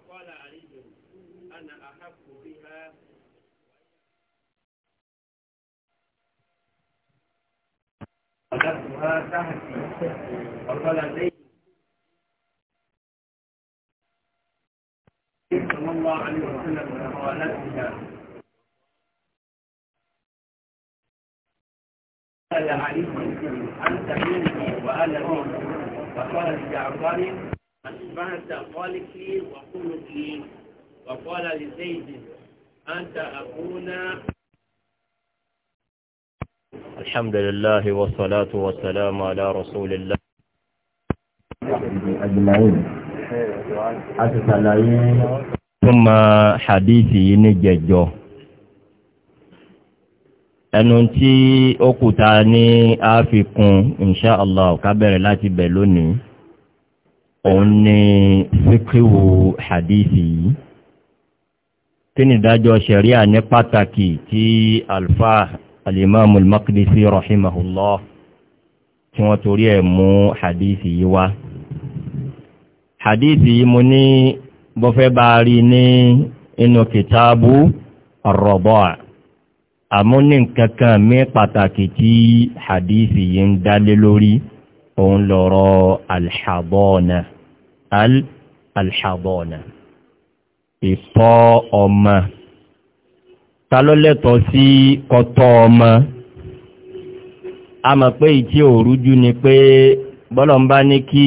فقال علي أنا أحق بها قدرتها تحتي وقال زيد صلى الله عليه وسلم قالتها قال علي أنت مني وأنا منك وقال لجعفر بعد خالقي وخلقي وقال لزيد أنت أبونا الحمد لله والصلاة والسلام على رسول الله ثم حديثي نججو ẹnu tí ó kùta ní àfikún inṣáàlá ọ̀kábẹ̀rẹ̀ láti bẹ̀ lónìí òun ni fíkíwò hadithi yìí kí ni dájọ́ ṣẹ̀ríà ní pàtàkì tí alfa alimamul makdisi rahimahullah tí wọ́n torí ẹ̀ mú hadithi yìí wá hadithi yìí mo ní bọ́fẹ́ bá rí ní inú kìtàbù ọ̀rọ̀bọ̀ àmúní kankan mí pàtàkì tí hadithi yìí ń dálé lórí òun lọ́rọ̀ alhabọ́ọ̀nà al-alhabona ìtọ́ ọmọ ta ló lẹ́tọ̀ sí kọtọ́ ọmọ a mọ̀ pé ìtí òrújú ni pé bọ́lọ̀ ń bá ní kí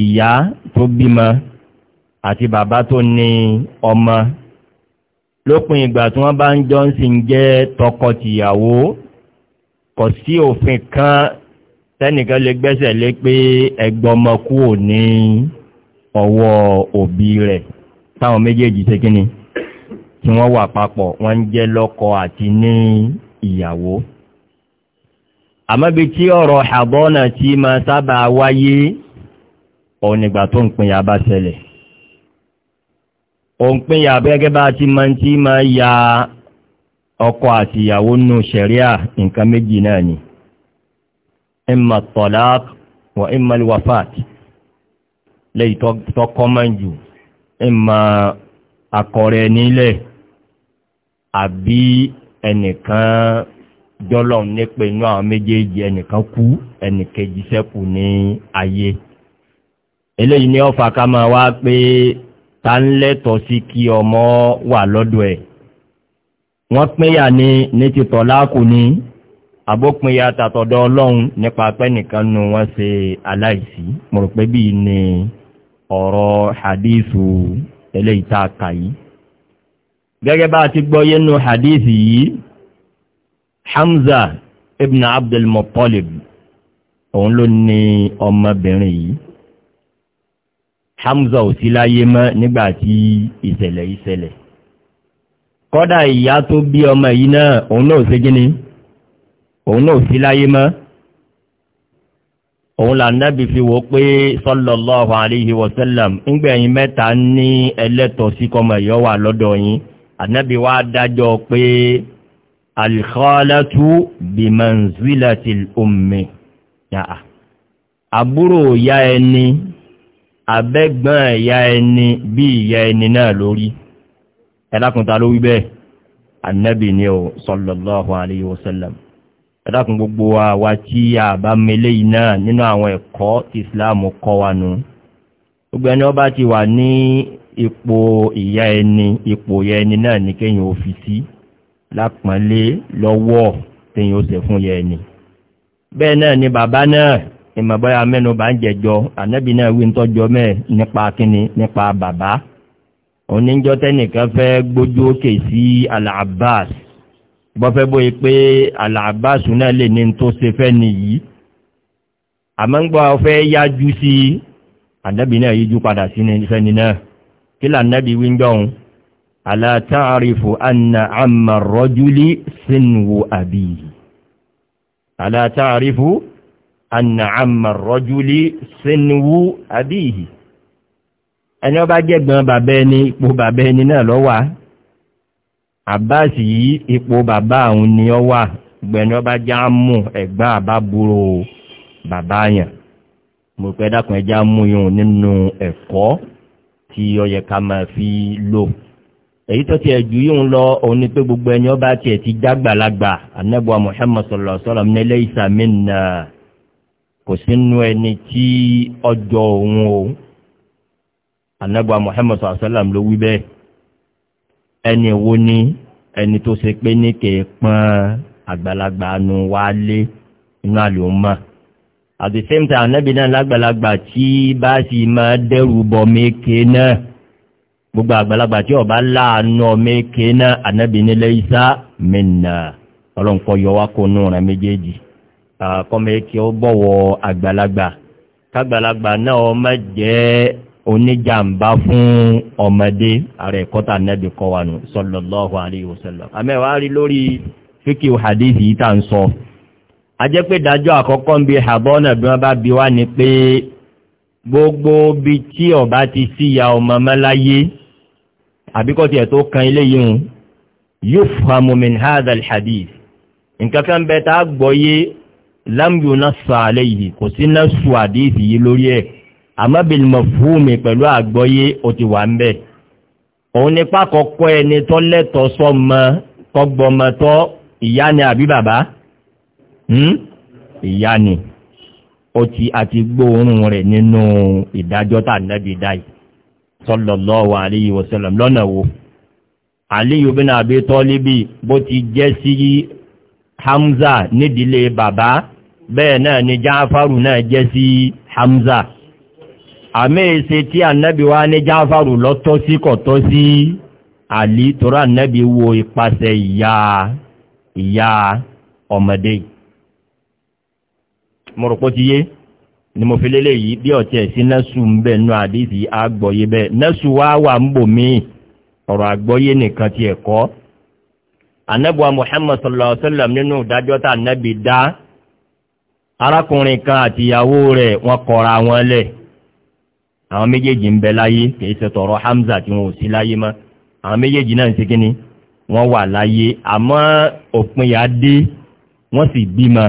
ìyá tó bímọ àti bàbá tó ní ọmọ lópin ìgbà tí wọ́n bá ń jọ ń sin jẹ́ tọkọtìyàwó kò sí òfin kan tẹ́nìkan lè gbẹ́sẹ̀ lé pé ẹgbọ́mọkú ò ní ọwọ́ òbí rẹ̀ táwọn méjèèjì ṣe tí wọ́n wà papọ̀ wọ́n jẹ́ lọ́kọ àti ní ìyàwó àmọ́bi tí ọ̀rọ̀ àbọ́nà tí ma sábà wáyé ọ̀nìgbà tó ń pinya bá O òun pinya gẹ́gẹ́ bá ti ma ma ya àti ìyàwó nù nǹkan méjì náà ni lẹ́yìn tọ́kọ́ máa ń jù ìmọ̀ àkọrẹ́ nílẹ̀ àbí ẹnìkan jọ́lọ̀ nípe inú àwọn méjèèjì ẹnìkan kú ẹnìkejì sẹ́kù ní ayé eléyìí ni ọ̀fà ká máa wá pé ta ń lẹ́tọ̀ sí kí ọmọ wà lọ́dọ̀ ẹ̀ wọ́n pínyà ní ní ti tọ̀láàkù ní àbópinya tàtọ̀dọ̀ ọlọ́run nípa pẹ́nìkan nu wọ́n ṣe aláìsí mo rò pé bíi ni. Ni ọ̀rọ̀ hadithu eléyìí tá a kà yìí gẹ́gẹ́ bá a ti gbọ́ yẹnu hadithi yìí hamza ibn abdul muttalib òun ló ní ọmọbìnrin yìí hamza ò sí láyé mọ́ nígbà tí ìṣẹ̀lẹ̀ ìṣẹ̀lẹ̀ kọ́dà ìyá tó bí ọmọ yìí náà òun náà ò sí láyé mọ́ òun là nábì fi wò pé sallallahu alayhi wa sallam ńgbẹ̀yìn mẹ́ta ní ẹlẹ́tọ̀ọ́ sí kọmọ ẹ̀yọ́ wà lọ́dọ̀ yín ànábì wá dájọ́ pé alkhalatu bimanzilatil ummi yàá àbúrò ìyá ẹni abẹ́gbọ́n ìyá ẹni bí ìyá ẹni náà ẹ̀dàkùn gbogbo àwa tí a bá mẹ́lẹ̀ yìí náà nínú àwọn ẹ̀kọ́ tí islam kọ́ wa nù gbogbo ẹni ọba ti wà ní ipò ìyá ẹni ipò ìyá ẹni náà ní kéyìn ó lápọ̀nlé lọ́wọ́ téyìn ó ṣe fún ìyá ẹni bẹ́ẹ̀ náà ni bàbá náà ìmọ̀bọ́yà mẹ́nu bá ń jẹjọ ànábì náà wí ń tọ́jọ mẹ́ẹ̀ nípa kíni nípa bàbá oníjọ́ tẹ́nìkan fẹ́ gbójú òkè sí al bọ́fẹ́ bóyí pé alàbáṣù náà lè ní tó se fẹ́ nìyí àmọ́ ń yájú sí ànábì náà yíjú padà sí fẹ́ni náà kí lànábì wí ń anna àmà rọ́júlí sínú àbí ẹni ọba jẹ́gbọ́n bàbẹ́ ni ipò bàbẹ́ ni náà lọ́wàá abbas yìí ipò bàbá àwọn ni ọ wà gbẹ̀ni ọba já mú ẹ̀gbá àbábúrò bàbá yàn mo pẹ́ dákun ẹja mú yòun nínú ẹ̀kọ́ tí ọyẹ ká máa fi lò èyí tó tiẹ̀ ju yóò lọ òun ni pé gbogbo ẹni ọba tiẹ̀ ti dágbàlagbà anábọ̀ muhammed sọlọ sọlọ nílẹ̀ ìsàmìnà kò sínú ẹni tí ọjọ́ òun o anábọ̀ muhammed sọlọ sọlọ ló wí bẹ́ẹ̀ ẹni wo ni ẹni tó ṣe pé ní kè pọ́n àgbàlagbà nu wá lé inú àlùmọ́ at the same time anábì náà lágbàlagbà tí bá sì máa dẹ́rù bọ̀ méke náà gbogbo àgbàlagbà tí ọba láàánú méke náà anábì nílé isá mẹ́nà ọlọ́nkọ́ yọ wá kó nù rẹ̀ méjèèjì kọ́mẹ́kì ó bọ̀wọ̀ àgbàlagbà kágbàlagbà náà ọmọ jẹ́ oníjàmbá fún ọmọdé ààrẹ kọ́tà nẹ́bí kọwànù sọlọ́lọ́hu aléwòsẹ́lọ́ àmẹ́wàá rí lórí fíkì hadithi yìí tà ń sọ ajẹ́ pé dájọ́ àkọ́kọ́ ń bi àbọ́nà bí wọ́n bá bi wá ni pé gbogbo bí tí ọba ti síya ọmọ mẹ́láyé àbíkọ́ tiẹ̀ tó kan ilé yìí yóò famu min hadal hadith nǹkan kan bẹ́ẹ̀ tá a gbọ́ yé lámùyún sọ àlẹ́ yìí kò sí náà sọ àdéhìí lórí ẹ̀ àmọ́ bil mafhumi pẹ̀lú àgbọ́yé ó ti wà ń bẹ̀ òun ni pákọ̀kọ́ ẹni tó lẹ́tọ̀ sọmọ tọgbọmọ tọ ìyá ni àbí bàbá hmm? ìyá ni ó ti àti gbóòórùn rẹ̀ nínú ìdájọ́ tà nẹ́bí dáì sallallahu alayhi wa sallam lọ́nà wo aliyu bin abi tọ́líbì bó ti jẹ́ sí hamza nídìílé bàbá bẹ́ẹ̀ náà ni jáfàrù náà jẹ́ sí hamza àmẹ́ẹ̀ṣe tí ànábì wá ní jáfàrù lọ́tọ́ sí kọ̀tọ́ sí àlì tọ́rọ ànábì wo ipasẹ̀ ìyá ìyá ọmọdé mọ̀rọ̀pọ̀ ti yé ni mo fi lélẹ̀ yìí bí ọ̀tẹ́ sí nẹ́sù ń bẹ̀ nú àdísì àgbọ̀yé bẹ́ẹ̀ nẹ́sù wá wà ń bò míì ọ̀rọ̀ àgbọ́yé nìkan ti ẹ̀kọ́ anábùwà muhammad sallallahu alaihi wasallam nínú ìdájọ́ tá anábì dá arákùnrin kan àtìyàwó rẹ̀ wọ́n kọra wọn lẹ̀ àwọn méjèèjì ń bẹ láyé kìí ṣe tọrọ hamza tí wọn ò sí láyé mọ́ àwọn méjèèjì náà ń ṣe kíni wọ́n wà láyé àmọ́ òpin yà dé wọ́n sì bímọ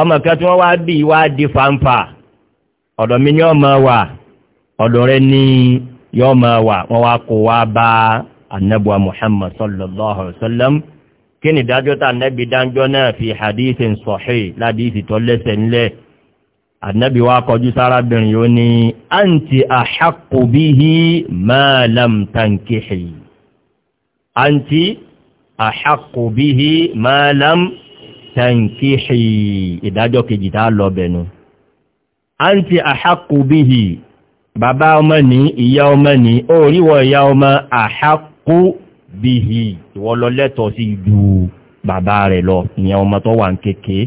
ọmọ kan tí wọ́n wá bí wá di fanfa ọ̀dọ̀ mi ni ọmọ wà ọ̀dọ̀ rẹ ni yọ ọmọ wà wọ́n wá kó wá bá anabuwa muhammad sallallahu alaihi wa sallam kí ni dájọ́ tá anabi dájọ́ náà fi hadith sọ̀hìn ládìí ìsìtọ́lẹ́sẹ̀ ńlẹ̀ ànábì wa kọjú sárábìnrin yóò ní àǹtí àṣàkóbíhì máa lámtàǹkìhì àǹtí àṣàkóbíhì máa lámtàǹkìhì ìdájọ́ kejì tá lọ bẹ̀nu àǹtí àṣàkóbíhì bàbá ọmọ ní ìyá ọmọ ní oríwọ ìyá ọmọ àṣàkóbíhì ìwọlọlẹ́tọ̀ sí ju bàbá rẹ̀ lọ ìyẹn ọmọ tó wà ń kékeré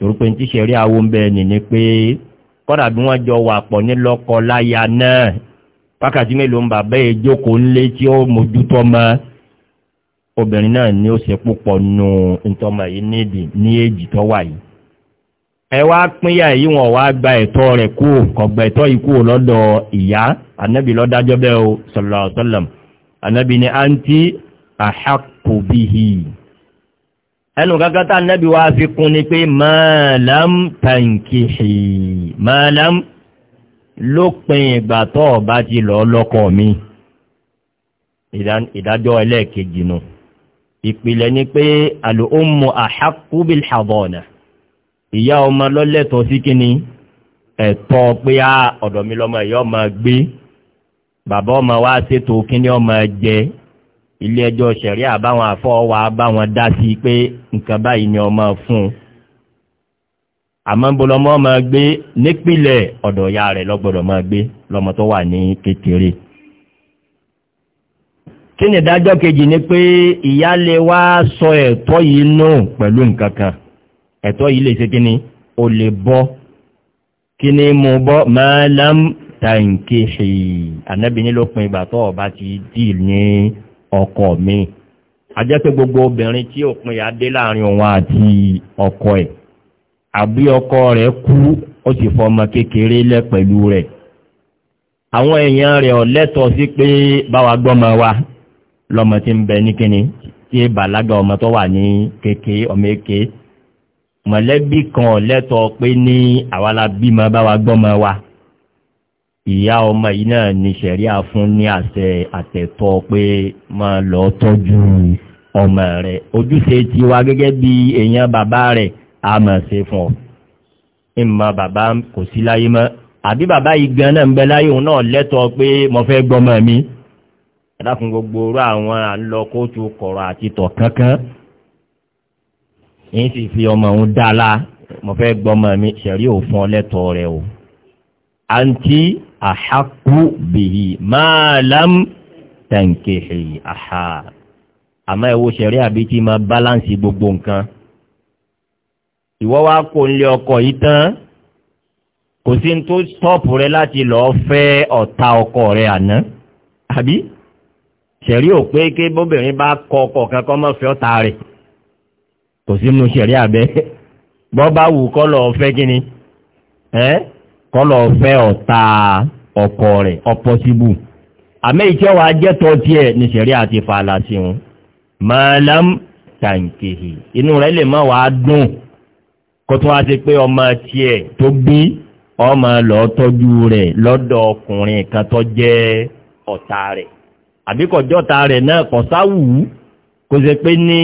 torípé ní tíṣe rí àwọn bẹ́ẹ̀ nì ni pé kọ́dà bí wọ́n jọ wà pọ̀ ní lọ́kọ láya náà wákàtí mélòó ń bàbá jókòó tí ó ni ó ṣe púpọ̀ nù yìí nídìí ní èjì tó wà yìí ẹ wá gba ẹ̀tọ́ rẹ̀ kú ẹ̀tọ́ yìí kú lọ́dọ̀ ìyá anábì o anábì ẹnu kankan tá nẹ́bí wá fi kún ni pé mọ́ọ̀lám tàǹkìhì mọ́ọ̀lám lópin ìgbà tó ọba ti lọ lọ́kọ̀ mi ìdájọ́ ẹlẹ́ẹ̀kejì nù ìpìlẹ̀ ni pé àlùhùnmù àhákúbìl àbọ̀nà ìyá ọmọ lọ́lẹ́tọ̀ sí kíni ẹ̀tọ́ pé á ọ̀dọ̀ mi lọ́mọ ìyá ọmọ gbé bàbá ọmọ wa ṣètò kíní ọmọ jẹ ilé ẹjọ́ sẹ̀rí àbáwọn àfọwà báwọn dá sí pé nǹkan báyìí ni ọmọ fún un àmọ́ ń bo lọ́mọ ọmọ gbé nípìnlẹ̀ ọ̀dọ̀ rẹ̀ lọ́gbọ̀dọ̀ máa gbé lọ́mọ tó wà ní kékeré kí ni ìdájọ́ kejì ni pé ìyá lè wá sọ ẹ̀tọ́ yìí nù pẹ̀lú nǹkan kan ẹ̀tọ́ yìí lè ṣe kí ni o lè bọ́ kí ni mo bọ́ máa tàǹkì ṣèyí ànábìíní ló pin ìgbà tó ọba ti dì ní ọkọ mi àjẹ́pẹ́ gbogbo obìnrin tí òpin yà dé láàrin òun àti ọkọ ẹ̀ àbí ọkọ rẹ̀ kú ó sì fọmọ kékeré lẹ̀ pẹ̀lú rẹ̀ àwọn èèyàn rẹ̀ ọ̀lẹ́tọ̀ sí pé báwa gbọ́mọ wa lọ́mọ tí ń bẹ ní kíni tí bàlágà ọmọ tó wà ní kéke ọmọ èké mọ̀lẹ́bí kan ọ̀lẹ́tọ̀ pé ní àwa la bímọ báwa gbọ́mọ wa ìyá ọmọ yìí náà ni sẹ̀ríà fún ní àṣẹ àtẹ̀tọ́ pé máa lọ tọ́jú ọmọ rẹ̀ ojúṣe ti wa gẹ́gẹ́ bí èèyàn bàbá rẹ̀ a máa ṣe fún ọ ìmọ̀ bàbá kò sí láyé mọ́ àbí bàbá yìí gan náà ń bẹ láyé òun náà lẹ́tọ̀ọ́ pé mo fẹ́ gbọ́mọ mi ẹ̀dákun gbogbo orú àwọn àlọ́ kóòtù kọ̀rọ̀ àti tọ̀ kankan ń sì fi ọmọ òun dáa la mo fẹ́ gbọ́mọ mi sẹ̀rí òfin ọlẹ́tọ̀ọ́ rẹ̀ o àǹtí àhákú bìí máa lám tẹ̀ǹkìhì àhà àmọ́ ẹ̀wọ́ ṣẹ̀rí àbí tí máa báláǹsì gbogbo nǹkan ìwọ́ wá kó ń lé ọkọ̀ yìí tán kò sí tó stọ́ọ̀pù rẹ láti lọ fẹ́ ọ̀ta ọkọ̀ rẹ àná àbí ṣẹ̀rí ò pé ké bóbìnrin bá kọ ọkọ̀ kankan mọ́ fẹ́ ọ̀ta rẹ̀ kò sínú ṣẹ̀rí àbẹ́ bọ́ bá wù kọ́ lọ fẹ́ kí ni eh? kọ́lọ̀ fẹ́ ọ̀ta ọkọ rẹ̀ ọpọ́síbù àmẹ́ ìṣẹ́ wa jẹ́tọ́ tí ẹ̀ ní ṣẹ̀rí àti fàálà sí wọn malam tàǹkìhì inú rẹ̀ lè má wàá dùn kó tún wá sí pé ọmọ tiẹ̀ tó bí ọmọ lọ tọ́jú rẹ̀ lọ́dọ̀ ọkùnrin kan tó jẹ́ ọ̀tá rẹ̀ àbíkọ̀jọ́ta rẹ̀ náà kọ̀ sáwùú kó ṣe pé ní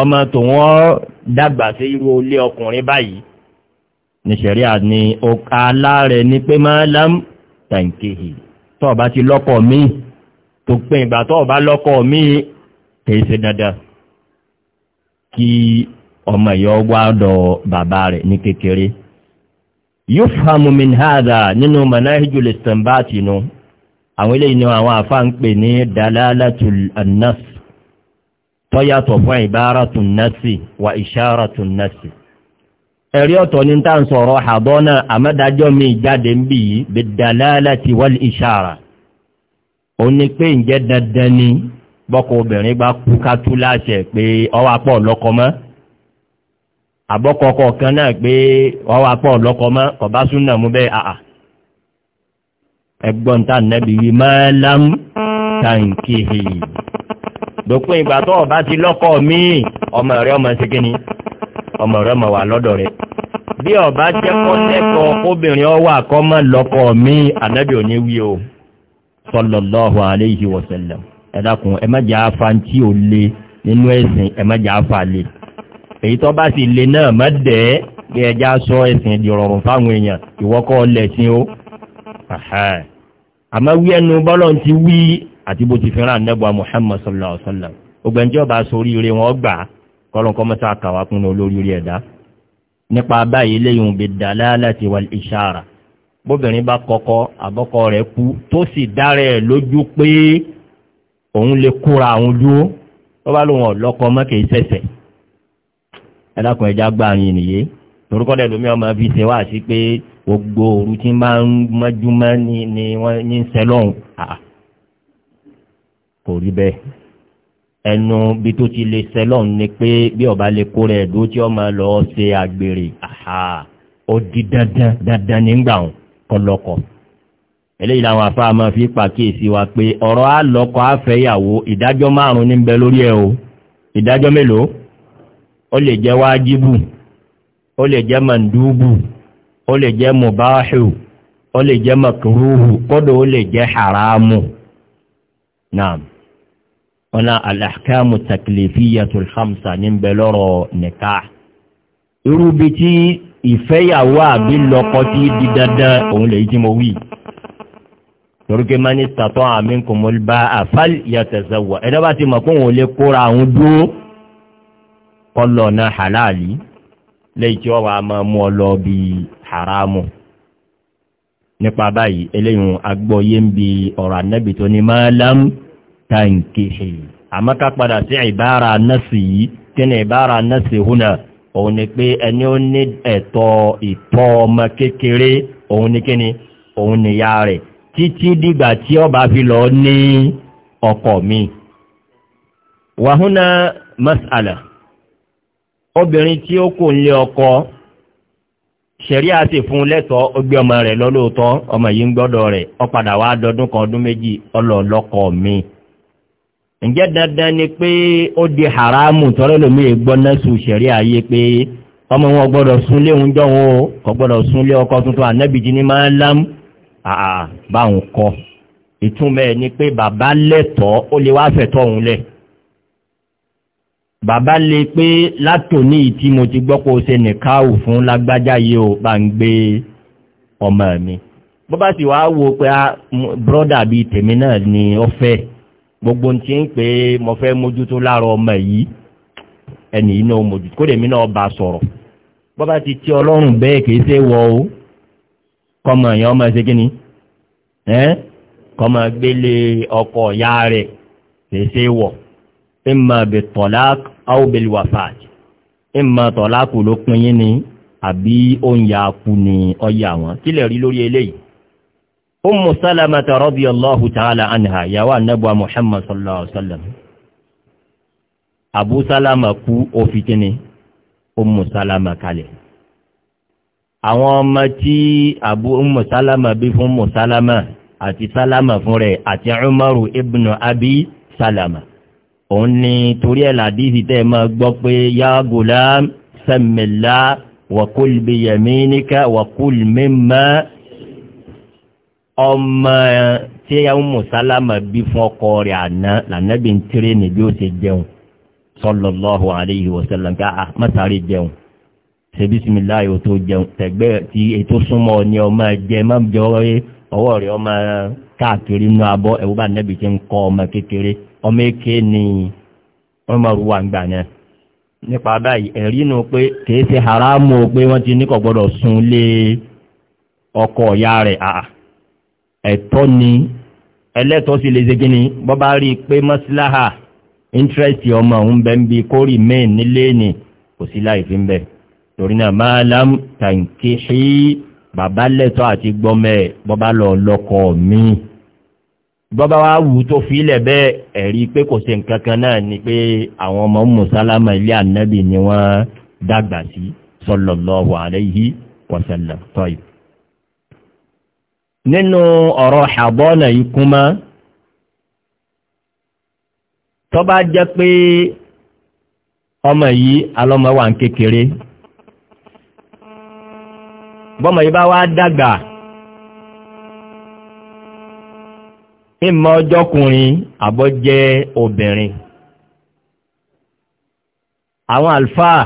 ọmọ tòun dàgbà sí irú ilé ọkùnrin báyìí ní ṣẹ̀ríà ní ọkà aláàrẹ ní pé máa lám tàǹkìhì tọ́ọ̀bá ti lọ́kọ̀ mí tó pé ìgbà tọ́ọ̀bá lọ́kọ̀ mí kìí ṣe dandan kí ọmọ ìyọ́ gbádọ̀ bàbá rẹ̀ ní kékeré yóò fàmù min hádà nínú manahijul ẹ̀rí ọ̀tọ̀ ní nsọrọ ń sọ̀rọ̀ àbọ́nà àmọ́dájọ́ mi jáde ń bì yìí bí dàlálà ti wọ́n ìṣàrà ó ní pé ǹjẹ́ dandan ni bọ́kọ obìnrin bá kú ká láṣẹ pé lọ́kọ mọ́ àbọ́kọ̀ọ̀kọ̀ kan náà pé ọwọ́ apọ̀ lọ́kọ mọ́ ọba súnà mú bẹ́ẹ̀ àà ẹgbọ́n tá nẹ́bi ọba ti ọmọ rẹ ọmọ ṣe ni. ọmọ rẹ mọ̀ wà lọ́dọ̀ rẹ̀ bí ọba jẹ́ kọ́lẹ́kọ̀ọ́ obìnrin ọwọ́ àkọ́mọ́ lọ́kọ̀ mi ànábì òní wí o sọlọ́lọ́hu aleyhi wọ̀sẹ̀lẹ̀ ẹ dákun ẹ mẹ́jẹ̀ afa tí ò le nínú ẹ̀sìn ẹ mẹ́jẹ̀ afa le èyí tó bá sì le náà má dẹ̀ ẹ́ bí ẹja sọ ẹ̀sìn di rọrùn fáwọn èèyàn ìwọ́kọ́ lẹ̀sìn o àmọ́ wí ẹnu bọ́lọ̀ ti wí àti bó ti fẹ́ràn anábọ̀ muhammad sallallahu alaihi wa sallam ògbẹ́njọba sórí ire wọn gbà á kọ́lọ́nkọ́ mọ́ta àkàwà kún olórí rí ẹ̀dá nípa báyìí léyìn bí dàlá láti wà ìṣàrà bóbìnrin bá kọ́kọ́ àbọ́kọ rẹ̀ kú tó sì dára ẹ̀ lójú pé òun lè kóra àwọn dúró tó bá lóun ọ̀lọ́kọ mọ́kè sẹ̀sẹ̀ ẹlákùn ẹja gbàrin nìyé torúkọ́ dẹ̀ lómi ọmọ fi ṣe wá sí pé gbogbo òru tí máa ń mọ́júmọ́ ni wọ́n ní sẹ́lọ́hùn kò rí bẹ́ẹ̀. ẹnu bí tó ti lè sẹlọ́n ni pé bí ọba lè kó rẹ̀ dó tí máa lọ ṣe àgbèrè àhà ó di dandan dandan nígbà kọlọkọ eléyìí làwọn afá máa fi pàkíyèsí wa pé ọ̀rọ̀ àlọ́kọ àfẹ́yàwó ìdájọ́ márùn-ún ní bẹ lórí ẹ̀ o ìdájọ́ mélòó ó lè jẹ́ wájíbù ó lè jẹ́ màndúbù ó lè jẹ́ mùbáhù ó lè jẹ́ makruhu kódò ó lè jẹ́ haramu naam. ọ̀nà alahkamu taklifiyatul hamsa ní bẹ lọ́rọ̀ nìka irú bí tí ìfẹ́yàwó àbí lọ́kọ tí di dandan òun lè jí mo wí torúkẹ́ máa ní tàtọ́ àmì kò mọ́ bá àfáàlì yàtẹ̀sẹ̀wọ̀ ẹ̀dá bá ti mọ̀ pé òun lè kóra àwọn dúró kọlọ̀ náà halali lẹ́yìn tí wọ́n wá máa mú ọ lọ bí haramu nípa báyìí eléyìí agbóyé ń bi ọ̀rọ̀ ànábì tó ní máa lámú tankihi àmọ́ ká padà sí ìbára nọ́ọ̀sì yìí kí ni ìbára nọ́ọ̀sì húnà òun ni pé ẹni ó ní ẹ̀tọ́ ìtọ́ ọmọ kékeré òun ni kí ni òun ni ya rẹ̀ títí dìgbà tí ọba fi lọ ní ọkọ mi. wàhúnà mas'ala obìnrin tí ó kò nílé ọkọ ṣẹ̀rí àti fún lẹ́tọ̀ọ́ ó gbé ọmọ rẹ̀ lọ́lọ́tọ́ ọmọ yìí ń gbọ́dọ̀ rẹ̀ ó padà wá dọdún kan ọdún méjì ọlọ́ọ̀lọ́kọ mi ǹjẹ́ dandan ni pé ó di haramu tọ́rẹ́ lómi ìgbọ́ nẹ́sù ṣẹ̀rí ayé pé ọmọ wọn gbọ́dọ̀ súnlé oúnjẹ wọn o kò gbọ́dọ̀ súnlé ọkọ tuntun ànábìjì ní máa ń lám àà báwọn kọ ìtumọ̀ ẹ̀ ni pé bàbá lẹ́tọ̀ọ́ ó lè wá fẹ̀tọ́ òun lẹ̀ bàbá lè pé látòní tí mo ti gbọ́ pé o ṣe nìkáwù fún lágbájá yìí o bá ń gbé ọmọ mi bó bá sì wá wo pé ah, brọ́dà bíi tèmi náà ni ó fẹ́ẹ́ gbogbo ń ti ń pè é mo fẹ́ mójútó láàrọ̀ ọmọ yìí ẹnì yìí náà mójútó kó dèmi náà bá sọ̀rọ̀ bọ́ bá ti tí ọlọ́run bẹ́ẹ̀ kì í ṣe wọ o kọ́mọ èèyàn ọmọ ṣe kí ni kọ́mọ gbélé ọkọ̀ ìyá rẹ̀ kì í ṣe wọ̀ ìmọ̀ bẹ tọ̀lá áwòbẹ̀lì wàfàd ìmọ̀ tọ̀lá kò ló pin yín ni àbí oúnjẹ akú ni ọyẹ àwọn kílẹ̀ rí lórí eléyìí ummu salamata radiyallahu ta'ala anha yawa annabuwa muhammad sallallahu alaihi wasallam abu salama kú ofikini ummu salama kalẹ̀ àwọn ọmọ tí abu ummu salama bí fún ummu salama àti salama fún rẹ̀ àti umaru ibn abi salama òun ni torí ẹ̀ làdíhì tẹ́ ma gbọ́ pé ya gulam sẹ́mìlá wàkúl ọmọ tí yàwùmù sálámà bí fún ọkọ rẹ̀ àná lànàbí ń tíré ní bí ó ṣe jẹun sọlọ́lọ́hu àríyí wọ̀sẹ̀lẹ̀m ká ah, àmọ́sàárì jẹun ṣe bísímìlá yóò tó jẹun tẹ̀gbẹ́ tí ètò súnmọ́ ní ọmọ jẹ má jọ ọwọ́ ọmọ káàkiri inú abọ́ ẹ̀wọ́ bá nẹ́bí ṣe ń kọ́ ọmọ kékeré ọmọ èké ni ń gbà nípa ẹ̀tọ́ ni ẹlẹ́tọ́ sí lè ṣegí ni bọ́ bá rí i pé mọ́síláhà íńtírẹ́sì ọmọ òun bẹ́ ń bi kórì main nílé ni kò sí láì fi ń bẹ̀ torí náà máa lám tàǹkì sí bàbá lẹ́tọ́ àti gbọ́mẹ̀ bọ́ bá lọ lọ́kọ̀ míì bọ́bá wá wù tó fi ilẹ̀ bẹ́ẹ̀ ẹ̀rí pé kò se nkankan náà ni pé àwọn ọmọ mùsálámà ilé ànábì ni wọ́n dàgbà sí sọlọ̀lọ́wọ̀ àlẹ́ yìí wọ̀sẹ̀lẹ̀ tọ́yìí nínú ọ̀rọ̀ ṣàbọ́nà yìí kún mọ́ tó bá jẹ́ pé ọmọ yìí alọ́mọ wà ń kékeré bọ́mọ yìí bá wá dàgbà ìmọ̀ ọjọ́kùnrin àbọ́ jẹ́ obìnrin àwọn àlfáà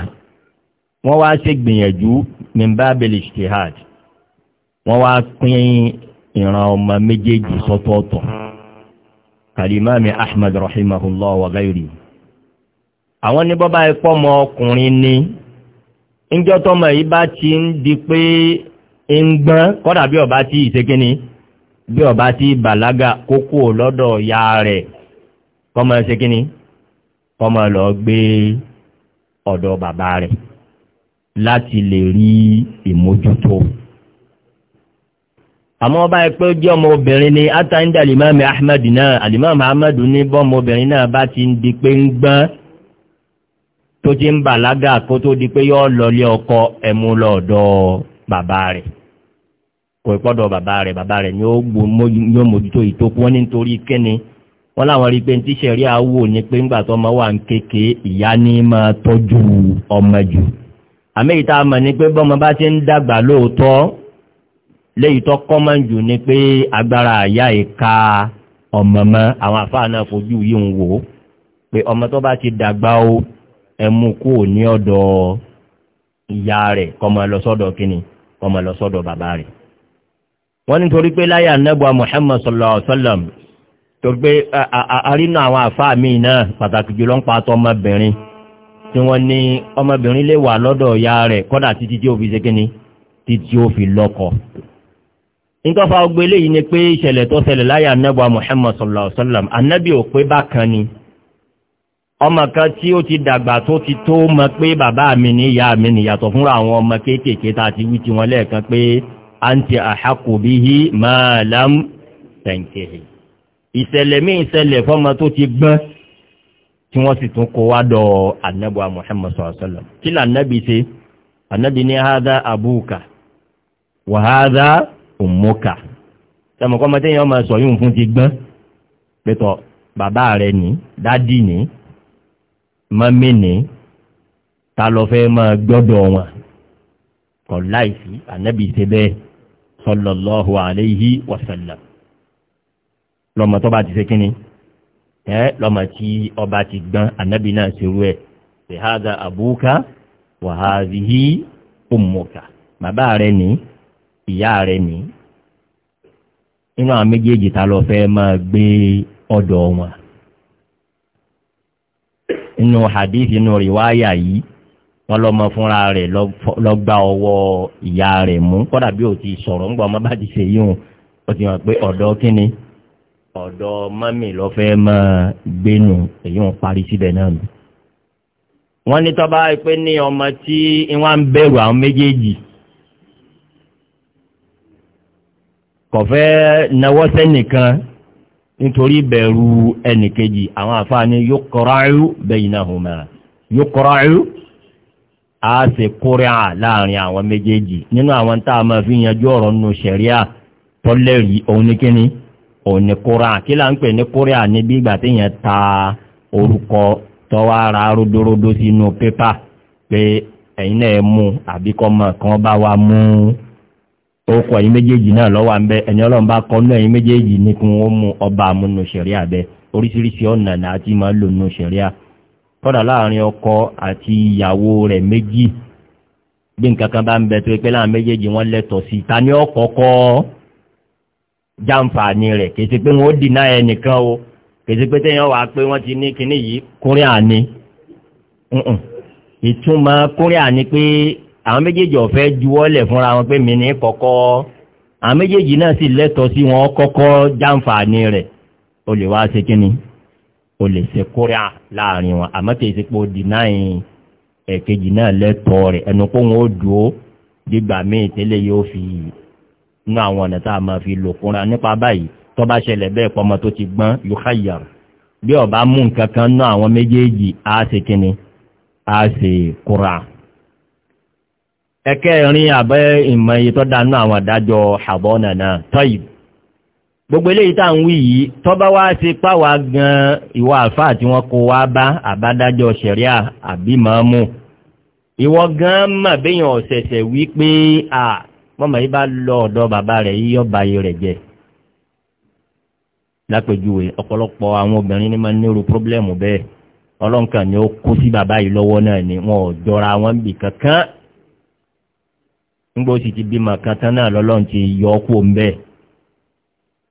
wọ́n wá ṣe gbìyànjú min babil ijtihad wọ́n wá pín ìran ọmọ méjèèjì sọ́tọ̀ọ̀tọ̀ kalimami ahmed rahimahullah wa gairi àwọn ní bọ́bá ẹ̀pọ́ ọkùnrin ni ńjọ́ tọmọ bá ti ń di pé ń gbọ́n kọ́dà bí ọba ti ìṣekíní bí ọba ti bàlágà kókó lọ́dọ̀ ya rẹ̀ kọ́mọ kọ́mọ lọ gbé ọ̀dọ̀ bàbá rẹ̀ láti lè àmọ́ ọba ẹ̀pẹ́ jẹ́ ọmọ obìnrin ni átàndà alimami ahmed náà alimami ahmed ní bọ́mọ obìnrin náà bá ti ń di pé ń gbọ́n tó ti ń bàlágà kó tó di pé yọ́ lọlé ọkọ ẹ̀mú lọ́ọ̀dọ̀ bàbá rẹ̀ kò ìpọ́dọ̀ bàbá rẹ̀ bàbá rẹ̀ ni ó mójútó ìtókù wọn nítorí kíni wọ́n láwọn rí pé ní tíṣẹ̀rí àwò ní pé ńgbà tó ọmọ wà ń kéke ìyá ní máa tọ́jú ọmọ jù àmì ìta àmọ̀ ni pé bọ́mọ bá ti ń dàgbà lóòótọ́ léyìí tó kọ́mọ̀n jù ni pé agbára àyà ìka ọmọ mọ́ àwọn àfáà náà fojú yìí ń wò ó pé ọmọ tó bá ti dàgbà ó ẹmu kú ò ní ọ̀dọ̀ ìyá rẹ̀ kọmọ lọ sọ́dọ̀ kínní kọmọ lọ sọ́dọ̀ bàbá rẹ̀. wọ́n ní torí pé láyà nẹ́bùa muhammed sallallahu alayhi wa sallam torí pé àrínà àwọn àfáà míì náà pàtàkì jùlọ ń pa àtọ́ ọmọbìnrin tí wọ́n ní ọmọbìnrin lè wà lọ́dọ̀ ìyá rẹ̀ nítọ́fà ọgbẹ́ eléyìí ni pé ìṣẹ̀lẹ̀ tó ṣẹlẹ̀ láyé anábọ̀ muhammad sallallahu alaihi wa sallam anábì ò pé bákan ni ọmọ kan tí ó ti dàgbà tó ti tó mọ pé bàbá mi ní ìyá mi ní yàtọ̀ fúnra àwọn ọmọ kéékèèké tá a ti wí tiwọn lẹ́ẹ̀kan pé àǹtí àhàkùbíhí máa lám tẹ̀ǹkèrè ìṣẹ̀lẹ̀ mí ìṣẹ̀lẹ̀ fọ́mọ tó ti gbọ́n tí wọ́n sì tún kó wá dọ̀ anábọ̀ muhammad sallallahu kí lànàbì ṣe anábì ní hádà àbúkà wàhádà òmùkà sẹ́mọ̀kọ́ ọmọdé yẹn máa sọ yóò fún ti gbọ́n pẹ̀tọ̀ bàbá rẹ̀ ní dádì ní mọ́mí ní ta lọ fẹ́ máa gbọ́dọ̀ wọn kọ̀ láìsí ànábì ṣe bẹ́ẹ̀ sọlọ́lọ́hu àléhí wọ̀sẹ̀lẹ̀ lọ́mọ tó bá ti ṣe kínní ẹ lọ́mọ tí ọba ti gbọ́n ànábì náà ṣe rú ẹ̀ ṣèhádà àbúkà wàhálìhí òmùkà bàbá rẹ̀ ní ìyá rẹ̀ ní inú àwọn méjèèjì ta lọ fẹ́ máa gbé ọ̀dọ̀ wọn inú hadith inú rìwáyà yìí wọ́n lọ mọ fúnra rẹ̀ lọ gba ọwọ́ ìyá rẹ̀ mú kọ́dà bí o ti sọ̀rọ̀ ńgbà ọmọ bá ti ṣe yíhun ó ti hàn pé ọ̀dọ́ kínni ọ̀dọ́ mọ́mì lọ fẹ́ mọ́ gbénu èyí ń parí síbẹ̀ náà nù. wọ́n ní tọ́ba pé ní ọmọ tí wọ́n ń àwọn méjèèjì kọ̀fẹ́ nawọ́ sẹ́nìkan nítorí bẹ̀rù ẹnìkejì àwọn àfáàní yóò kọ́ráyú bẹ̀yìnà hùmà yóò kọ́ráyú a ṣe kórìà láàrin àwọn méjèèjì nínú àwọn tá a máa fi yanjú ọ̀rọ̀ nù sẹ̀ríà tọ́lẹ̀rí òun ní kíni òun ní kórìà kí là ń pè ní kórìà ní bí ìgbà tí yẹn ta orúkọ tọ́wọ́ ara ródóródó sínú pépà pé ẹ̀yin náà mú àbíkọ́ mọ̀ kan bá wa mú Oko ẹ̀yin méjèèjì náà lọ́wọ́ à ń bẹ ẹ̀yin ọlọ́run bá kọ́ nú ẹ̀yin méjèèjì ní kí wọ́n mú ọba àmúnu sẹ̀ríà bẹ oríṣiríṣi ọ̀nà àti máa lò nù sẹ̀ríà kọ́dà láàrin ọkọ àti ìyàwó rẹ̀ méjì bí nǹkan kan bá ń bẹ tó pé láàrin méjèèjì wọ́n lẹ́tọ̀ọ́ sí ta ni ọkọ̀ọ̀kọ́ jàǹfààní rẹ̀ kì í ṣe pé wọ́n ó dìná ẹnìkan o kì í ṣe pé téèyàn wà pé wọ́n ti ní kinní yìí kúrẹ́ àní ìtumọ̀ kúrẹ́ àní pé àwọn méjèèjì ọ̀fẹ́ juwọ́lẹ̀ fúnra wọn pé mi ní kọ́kọ́ àwọn méjèèjì náà sì lẹ́tọ̀ọ́ sí wọn kọ́kọ́ jáǹfààní rẹ̀ o lè wá ṣe kíni o lè ṣe kóríà láàrin wọn àmọ́ tẹ̀ sí pé o dì náà ẹ̀kejì náà lẹ́tọ̀ọ́ rẹ̀ ẹnu pé wọn ó dùn ó gbígbà míì tẹ́lẹ̀ yóò fi inú àwọn ọ̀nà tá a máa fi lò fúnra nípa báyìí tó bá ṣẹlẹ̀ bẹ́ẹ̀ pọ́mọ tó ti gbọ́n yóò háyà bí ọba ẹ̀kẹ́rin àbẹ́ ìmọ̀ iye tó dánú àwọn àdájọ́ àbọ́nà náà tọ́yì gbogbo eléyìí tá ń wí yìí tó bá wá sí páwà gan ìwọ àfáà tí wọ́n kó wá bá àbádájọ́ ṣẹ̀ríà àbí màámù ìwọ gan mọ̀ béèyàn ọ̀sẹ̀sẹ̀ wí pé à mọ́mọ́ yìí bá lọ ọ̀dọ̀ bàbá rẹ̀ yíyọ́ báyé rẹ̀ jẹ́ lápèjúwe ọ̀pọ̀lọpọ̀ àwọn obìnrin ní máa nírú pírọ́blẹ́mù bẹ́ẹ̀ ọlọ́nkàn ni ó kó sí bàbá yìí lọ́wọ́ náà ni wọn ò jọra wọn bì kankan ńgbọ́ sì ti bímọ kan tán náà lọ́lọ́run ti yọ ọ́ kú òun bẹ́ẹ̀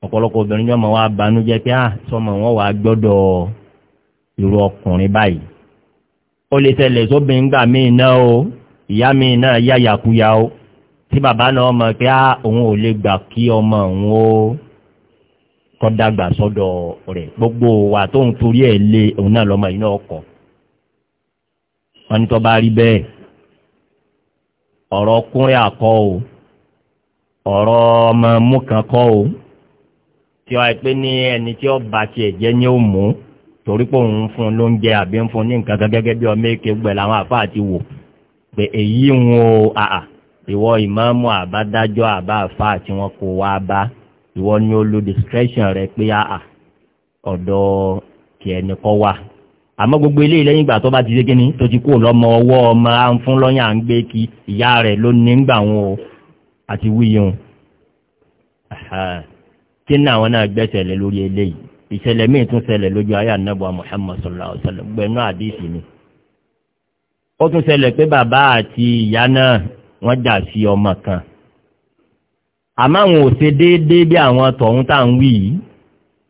ọ̀pọ̀lọpọ̀ obìnrin yọmọ wa banújẹ́ pé ah sọmọ wọn wàá gbọ́dọ̀ irú ọkùnrin báyìí ó lè tẹ̀lẹ̀ sóbìnrin gbà míì náà o ìyá míì náà yá yàkuyà o tí bàbá náà mọ̀ pé ah, òun ò lè gbà kí ọmọ òun ó kọ́ dàgbà sọ́dọ̀ rẹ̀ gbogbo wa tóun torí ẹ̀ lé òun náà lọ́mọ yìí náà kọ̀ wọ́n ní tọ́ bá rí bẹ́ẹ̀ ọ̀rọ̀ ọkùnrin àkọ́ o ọ̀rọ̀ ọmọ mú kan kọ́ o tí ọ pé ní ẹni tí ó bá tiẹ̀ jẹ́ ní ó mú torí pé òun fún un ló ń jẹ àbí ń fún un ní nǹkan kan gẹ́gẹ́ bí ọmọ èké gbẹ̀ làwọn àfa àti wò pé èyí ń wo àà ìwọ ìmáàmù àbádájọ́ àbá àfa àti wọn kò wá bá ìwọ ni ó rẹ pé àà ọ̀dọ̀ kí ẹnì wà àmọ́ gbogbo ilé lẹ́yìn ìgbà tó bá ti ṣe kíní tó ti kú lọ́mọ ọwọ́ ọmọ àǹfún lọ́yàn à ń gbé kí ìyá rẹ̀ ló ní gbà wọn o àti wíyun kí ní àwọn náà gbẹ́sẹ̀ lé lórí eléyìí ìṣẹ̀lẹ̀ míì tún ṣẹlẹ̀ lójú ayé anábọ̀ muhammad sallallahu alayhi wa sallam gbẹ̀nú àdìsí ni ó tún ṣẹlẹ̀ pé bàbá àti ìyá náà wọ́n jà sí ọmọ kan àmọ́ àwọn ò ṣe déédéé bí àwọn tọ̀hún tá à ń wí yìí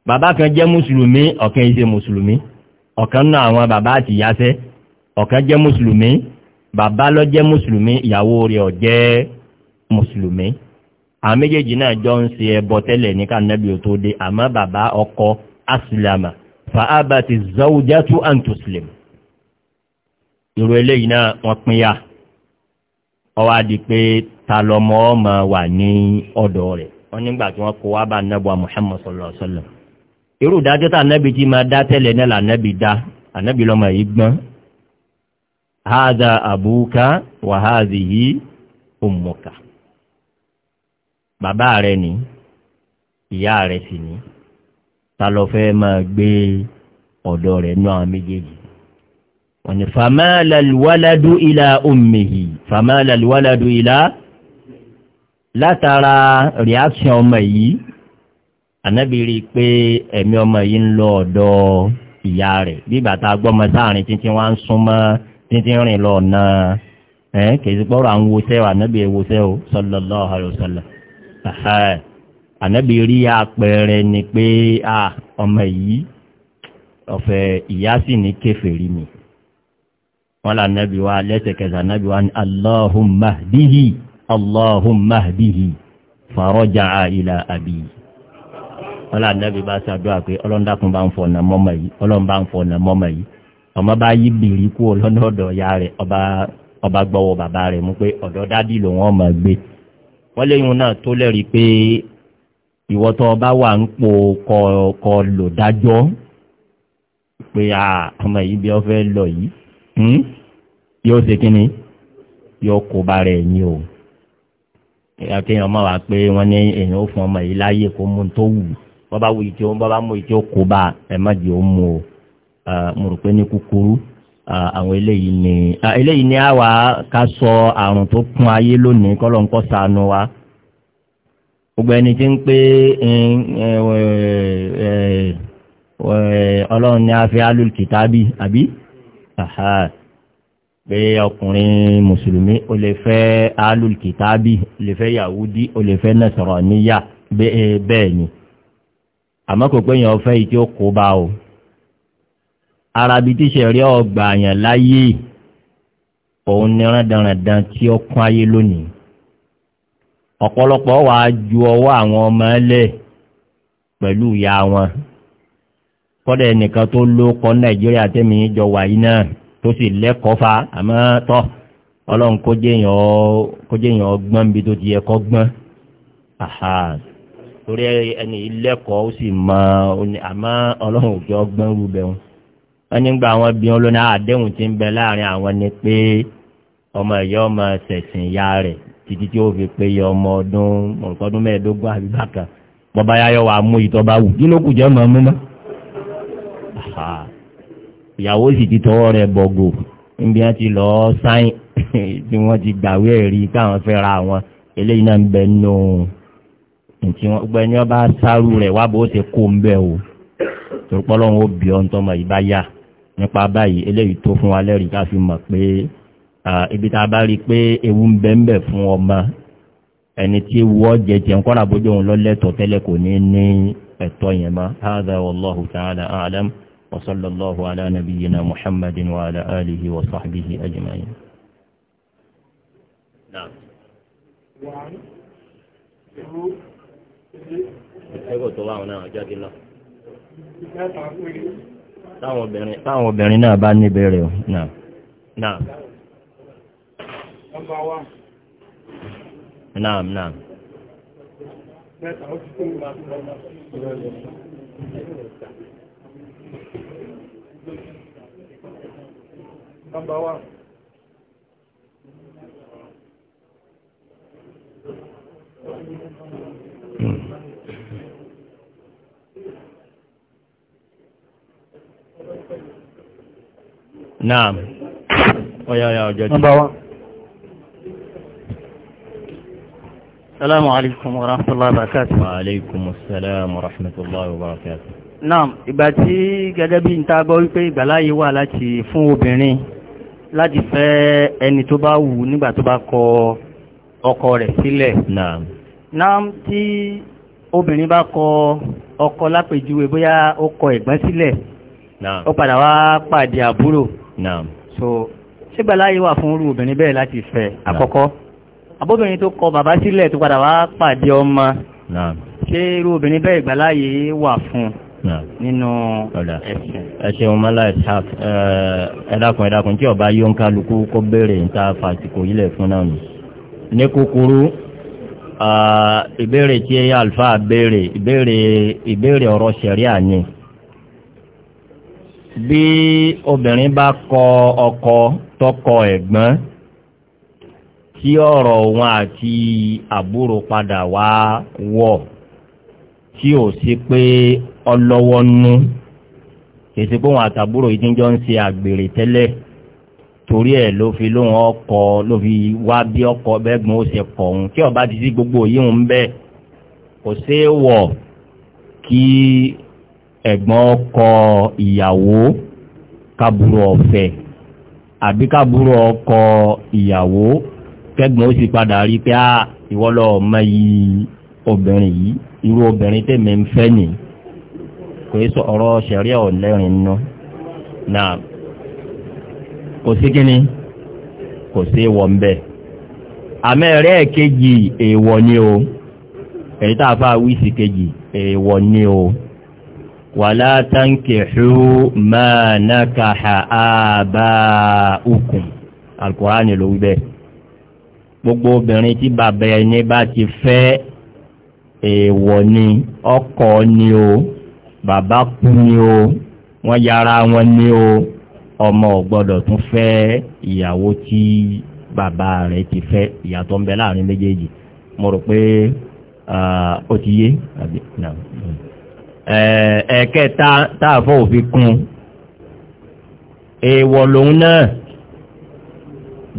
bàbá kan jẹ́ mùsùlùmí ọ̀kan ìṣe mùsùlùmí ọ̀kan náà àwọn bàbá àti ìyáṣẹ́ ọ̀kan jẹ́ mùsùlùmí bàbá lọ jẹ́ mùsùlùmí ìyàwó rẹ̀ ọ̀ jẹ́ mùsùlùmí àwọn méjèèjì náà jọ ń se ẹbọ tẹ́lẹ̀ ní kànábì ò tó dé àmọ́ bàbá ọkọ asìlámà fàábà ti zọ́ọ̀já tó àǹtòsílẹ̀mù ìrò eléyìí náà wọ́n pín yà ọwá di pé ta lọmọ ọmọ wà ní ọ̀dọ̀ rẹ̀ wọ́n nígbà tí wọ́n kó wá bá nábọ̀ muhammad sallallahu alaihi wa sallam irú ìdájọ́ tá ànábì tí máa dá tẹ́lẹ̀ náà lànábì dá ànábì lọ́mọ yìí gbọ́n haza abuka wà hazi yìí òmùkà bàbá rẹ ni ìyá rẹ sì ni ta lọ fẹ́ máa gbé ọ̀dọ̀ rẹ̀ nú àwọn méjèèjì wọ́n ni fàmálàlúwáládú ilá òmìhì fàmálàlúwáládú ilá látara reaction ọmọ yìí ànábì rí i pé ẹ̀mí ọmọ yìí ń lọ ọ̀dọ̀ ìyá rẹ̀ bí bàtà gbọ́mọ sáàrin títí wá ń súnmọ́ títí rìn lọ ọ̀nà ẹ̀ kèsì pọ́rọ̀ àwọn wosẹ́ o ànábì ewosẹ́ o sọlọ́lọ́ ọ̀hàlùsọ̀lọ̀ ànábì rí apẹ̀rẹ̀ ni pé ọmọ yìí ọ̀fẹ́ ìyá sì ní kẹfẹ́rí mi wọ́n là nábi wa lẹ́sẹ̀kẹsẹ̀ nábi wa ní aláhùn mahdihi aláhùn mahdihi fàrọ́jà ilà àbíyí wọn là nẹ́bí bá ṣàdúrà pé ọlọ́ndàkùn bá ń fọ̀nà mọ́mọ́ yìí ọlọ́run bá ń fọ̀nà mọ́mọ́ yìí ọmọ bá yí bìrì kú ọlọ́nà ọ̀dọ̀ ya rẹ̀ ọba gbọ́wọ́ bàbá rẹ̀ mú pé ọ̀dọ̀ dádì lòun ọmọ gbé wọ́n léyìn náà tó lẹ́rí pé ìwọ́ tó ọba wà ń po kọ lò dájọ́ pé ọmọ yìí bí ọ fẹ́ lọ yìí hmm? yóò ṣe kí ni yóò kó bá rẹ̀ yín o kéèyàn máa wà pé wọ́n ní èèyàn ó fún ọmọ yìí láyè kó mú un tó wù ú bọ́bá wù ìjọ bọ́bá mú ìjọ kó bá ẹ má jẹ́ ó mú o mo rò pé ní kúkúrú àwọn eléyìí ni eléyìí ni àwa ká sọ àrùn tó kún ayé lónìí kọ́ ló ń kọ́ sànù wa gbogbo ẹni tí ń pé ọlọ́run ní afẹ́ alùkìtàbí àbí pé ọkùnrin mùsùlùmí o lè fẹ́ alùkìtàbí o lè fẹ́ yahudi o lè fẹ́ nàṣọ̀rọ̀ níyà bẹ́ẹ̀ ni. Be, be, àmọ́ kò pé yẹn ọ̀fẹ́ yìí tí ó kó bá o arabi tí sẹ̀rí ọgbà yẹn láyé òun ni rándanrandan tí ó kún ayé lónìí ọ̀pọ̀lọpọ̀ wàá ju ọwọ́ àwọn ọmọ ẹlẹ́ pẹ̀lú ìyá wọn kọ́dẹ̀ nìkan tó ló kọ́ nàìjíríà tẹ́mi jọ wà yìí náà tó sì lẹ́kọ̀ọ́ fa àmọ́ tọ́ ọlọ́run kó jẹ́yàn ọgbọ́n bí tó ti yẹ kọ́ gbọ́n torí ẹni ilẹ́kọ̀ọ́ ó sì mọ àmọ́ ọlọ́run òjò ọgbọ́n rú bẹ̀rù wọ́n nígbà àwọn bí wọn lónà àdéhùn ti ń bẹ láàrin àwọn ni pé ọmọ ẹ̀yọ́ ọmọ ṣẹ̀sìn ìyá rẹ̀ títí tí ó fi pé yọ ọmọ ọdún ọ̀rùkọ́dún mẹ́ẹ̀ẹ́dógún àbíbákà bọ́bá yáyọ wà mú ìtọ́ba wù kí ló kù jẹ́ mọ́ mọ́. ìyàwó sì ti tọwọ́ rẹ̀ bọ̀gò níbi wọn ti lọ sáyìn tí wọ́n ti gbàwé ẹ̀rí káwọn fẹ́ ra àwọn eléyìí náà ń bẹ nù ntí wọn gbogbo ẹni ọba sáré rẹ̀ wá bó ṣe kó ń bẹ́ o torípọ́lọ́hún ó bí ọ́n tọ́mọ yìí bá yá nípa báyìí eléyìí tó fún wa lẹ́rìí ká fi mọ̀ pé ibi tá a bá rí i pé ewu ń bẹ́ ń bẹ̀ fún ọmọ ẹni tí ewu ọ̀jẹ̀ jẹun kọ́ra bójú òun lọ́lẹ́tọ̀ tẹ́lẹ̀ kò ní ní ẹ̀tọ́ yẹn mọ́ hádà wàlláhu ta'ala alam wa sallallahu ala nabiyyina muhammadin wa ala alihi wa sahbihi ajma'in. Naam ẹgbẹ́ tó báwọn náà jáde lọ. táwọn obìnrin náà bá ní ìbéèrè o náà. náà. nọmba wa. náà náà. nọmba wa. Thank you. náà ọ̀yàyà ọjọ́ tí. Salamu alaikum wa rahmatullahi wa barakatuh. Wa alaikum salam wa rahmatullahi wa barakatuh. Naam, ìgbà tí gẹ́gẹ́ bí n ta gbọ́ wípé ìgbàláyé wà láti fún obìnrin láti fẹ́ ẹni tó bá wù nígbà tó bá kọ ọkọ rẹ̀ sílẹ̀. Naam. Naam tí obìnrin bá kọ ọkọ lápèjúwe bóyá ó kọ ẹ̀gbọ́n sílẹ̀. Naam. Ó padà wá pàdé àbúrò so ṣígbàláyé wà fún irú obìnrin bẹ́ẹ̀ láti fẹ́ àkọ́kọ́ abóbìnrin tó kọ bàbá sílẹ̀ tó padà wá pàdé ọmọ ṣé irú obìnrin bẹ́ẹ̀ ìgbàláyé wà fún nínú ẹ̀sìn. ẹ ṣeun mọ́lá ishaq ẹ̀dàkùn ẹ̀dàkùn tí ọba yóò ń kálukú kó béèrè ń fàtìkò ilẹ̀ fún náà nù. ní kúkúrú ìbéèrè tí alfa béèrè ìbéèrè ọ̀rọ̀ ṣẹ̀ríà ni bí obìnrin bá kọ ọkọ tọkọ ẹ̀gbọ́n tí ọ̀rọ̀ wọn àti àbúrò padà wá wọ̀ tí ò sí pé ọlọ́wọ́ nú kèsì pé wọn àtàbúrò yìí ti ń jọ ń ṣe àgbèrè tẹ́lẹ̀ torí ẹ̀ ló fi lóun ọkọ ló fi wá bí ọkọ bẹ́gbọ́n ó ṣe kọ̀ ọ̀hún tí ọba ti sí gbogbo yìí ń bẹ́ẹ̀ kò ṣeé wọ̀ kí ẹ̀gbọ́n ọkọ ìyàwó kábúrò ọ̀fẹ́ àbí kábúrò ọkọ ìyàwó kẹ́gbọ́n ó sì padà rí pé á ah, ìwọ́lọ́ ọmọ yìí obìnrin yìí irú obìnrin tèmi ń fẹ́ nì kò í sọ ọ̀rọ̀ ṣẹ̀ríà ọ̀lẹ́rìn nù náà kò sí kíni kò sí ìwọ̀ ń bẹ̀ àmẹ́rẹ́ kejì èèwọ̀ ni o èyí tá a fà wí sí kejì èèwọ̀ ni o. E wàlá tankihu ma nakaha aba'ukum alkùránì ló wí bẹ́ẹ̀ gbogbo obìnrin tí bàbá ẹni bá ti fẹ́ èèwọ̀ ni ọkọ ni o bàbá kú ni o wọ́n yára wọn ni o ọmọ ò tún fẹ́ ìyàwó tí bàbá rẹ̀ ti fẹ́ ìyàtọ̀ ń bẹ láàrin méjèèjì mo rò pé ah, ó ti yé àbí náà ẹ̀ẹ̀kẹ́ eh, táàfọ́ òfin kun èèwọ̀ lòun náà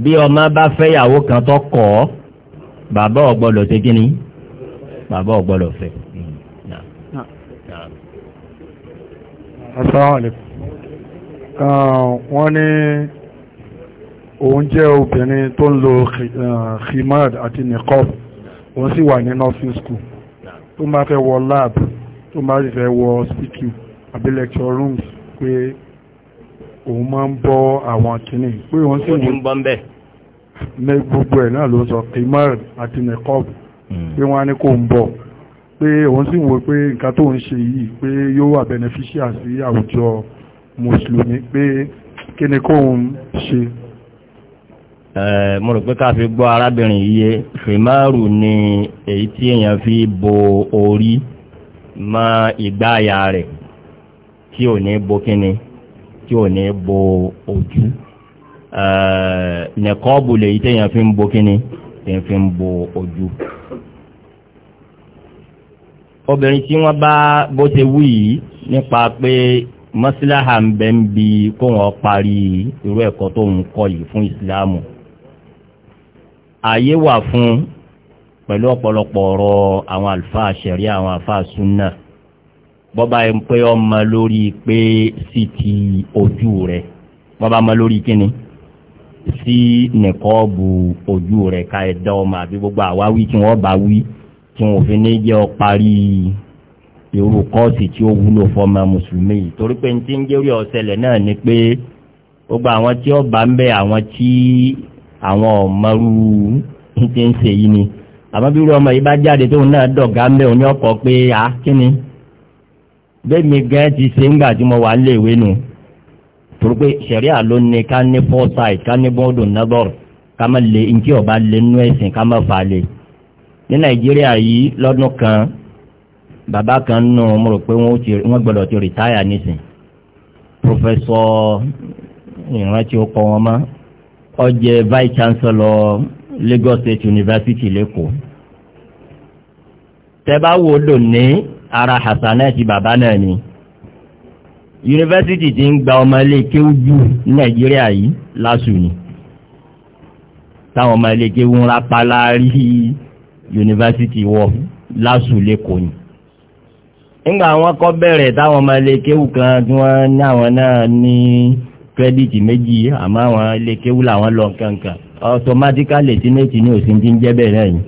bí ọmọ bá fẹ́yàwó kan tó kọ̀ ọ́ bàbá ọ̀gbọ́dọ̀ ṣe kí ni bàbá ọ̀gbọ́dọ̀ fẹ́. asalaamualeykum wọ́n ní òun jẹ́ obìnrin tó ń lo eh, khimad àti nikob òun sì wà ní nursing school tó máa fẹ́ wọ láàbù tó máa rí fẹ́ wọ hospital àbí lecture rooms pé òun máa ń bọ́ àwọn kìíní pé wọ́n sì ń bọ́ ń bẹ̀ ní gbogbo ẹ̀ náà ló sọ imar àti nekop hmm. pé wọ́n á ní kó ń bọ̀ pé òun sì wò pé nǹkan tó ń ṣe yìí pé yóò wà beneficial sí àwùjọ mùsùlùmí pé kí ni kó ń ṣe mo rò pé ká fi gbọ́ arábìnrin yìí fèmárù ni èyí tí èèyàn fi bo orí Ma ìgbáyà rẹ̀ tí ò ní bo kíni tí ò ní bo ojú nẹ̀kọ́ọ̀bù lèyí téèyàn fi ń bo kíni téèyàn fi ń bo ojú. obìnrin tí wọ́n bá bó ṣe wí yìí nípa pé mọ́síláhà ń bẹ ń bi kó wọ́n parí irú ẹ̀kọ́ tó ń kọ́ yìí fún ìsìláàmù ààyè wà fún un pẹ̀lú ọ̀pọ̀lọpọ̀ ọ̀rọ̀ àwọn àlùfáà ṣẹ̀rí àwọn àfáà súnà bọ́bá ẹ̀ ń pé ọmọ lórí pé sí ti ojú rẹ̀ bọ́bá ọmọ lórí kíni sí nìkọ́ọ̀bù ojú rẹ̀ ká ẹ̀dá ọmọ àbí gbogbo àwáwí tí wọ́n bá wí tí wọ́n fi ní jẹ́ ọ irú kọ́ọ̀sì tí ó wúlò fọmọ mùsùlùmí yìí torí pé ní tí ń jẹ́rí ọ̀sẹ̀lẹ̀ náà ni pé gbogbo àwọn tí ó ń bẹ àwọn tí àwọn ọ̀mọ́rú ń ti ń ṣe yìí ni. àmọ́ bí irú ọmọ yìí bá jáde tóun náà dọ̀gá pe bẹ̀ ọkọ̀ pé a kíni bẹ́ẹ̀ni gẹ́ẹ́ ti ṣe ńgbà tí mo wà ń léèwé nu torí pé sẹ̀ríà ló ká ní foresight ká ní bọ́ọ̀dù nabor ká má lè ọba lè nú ẹ̀sìn ká má fà lè ní nàìjíríà yìí lọ́dún kan bàbá kan nù mo rò pé wọ́n gbọ́dọ̀ ti rìtáyà nísìn pòfẹ́sọ ìrántí ó wọn mọ́ vice chancellor Lagos State University lẹ́kọ̀ọ́ tẹ́bá wo lò ní ara hasanati bàbá náà ni yunifásitì ti ń gba ọmọ ilé kéwú jù Nàìjíríà yìí lásù ni táwọn ọmọ ilé kéwú ń rapala yunifásitì wọ lásù lẹ́kọ̀ọ́ ni nígbà wọn kọ́ bẹ̀rẹ̀ táwọn ọmọ ilé kéwú kan tí wọ́n ní àwọn náà ní kírẹ́dìtì méjì àmọ́ àwọn ilé kéwú làwọn lọ nkankan ọtọmátíkálì tí méjì ní òsì ti ń jẹ́ bẹ́ẹ̀ náà yìí.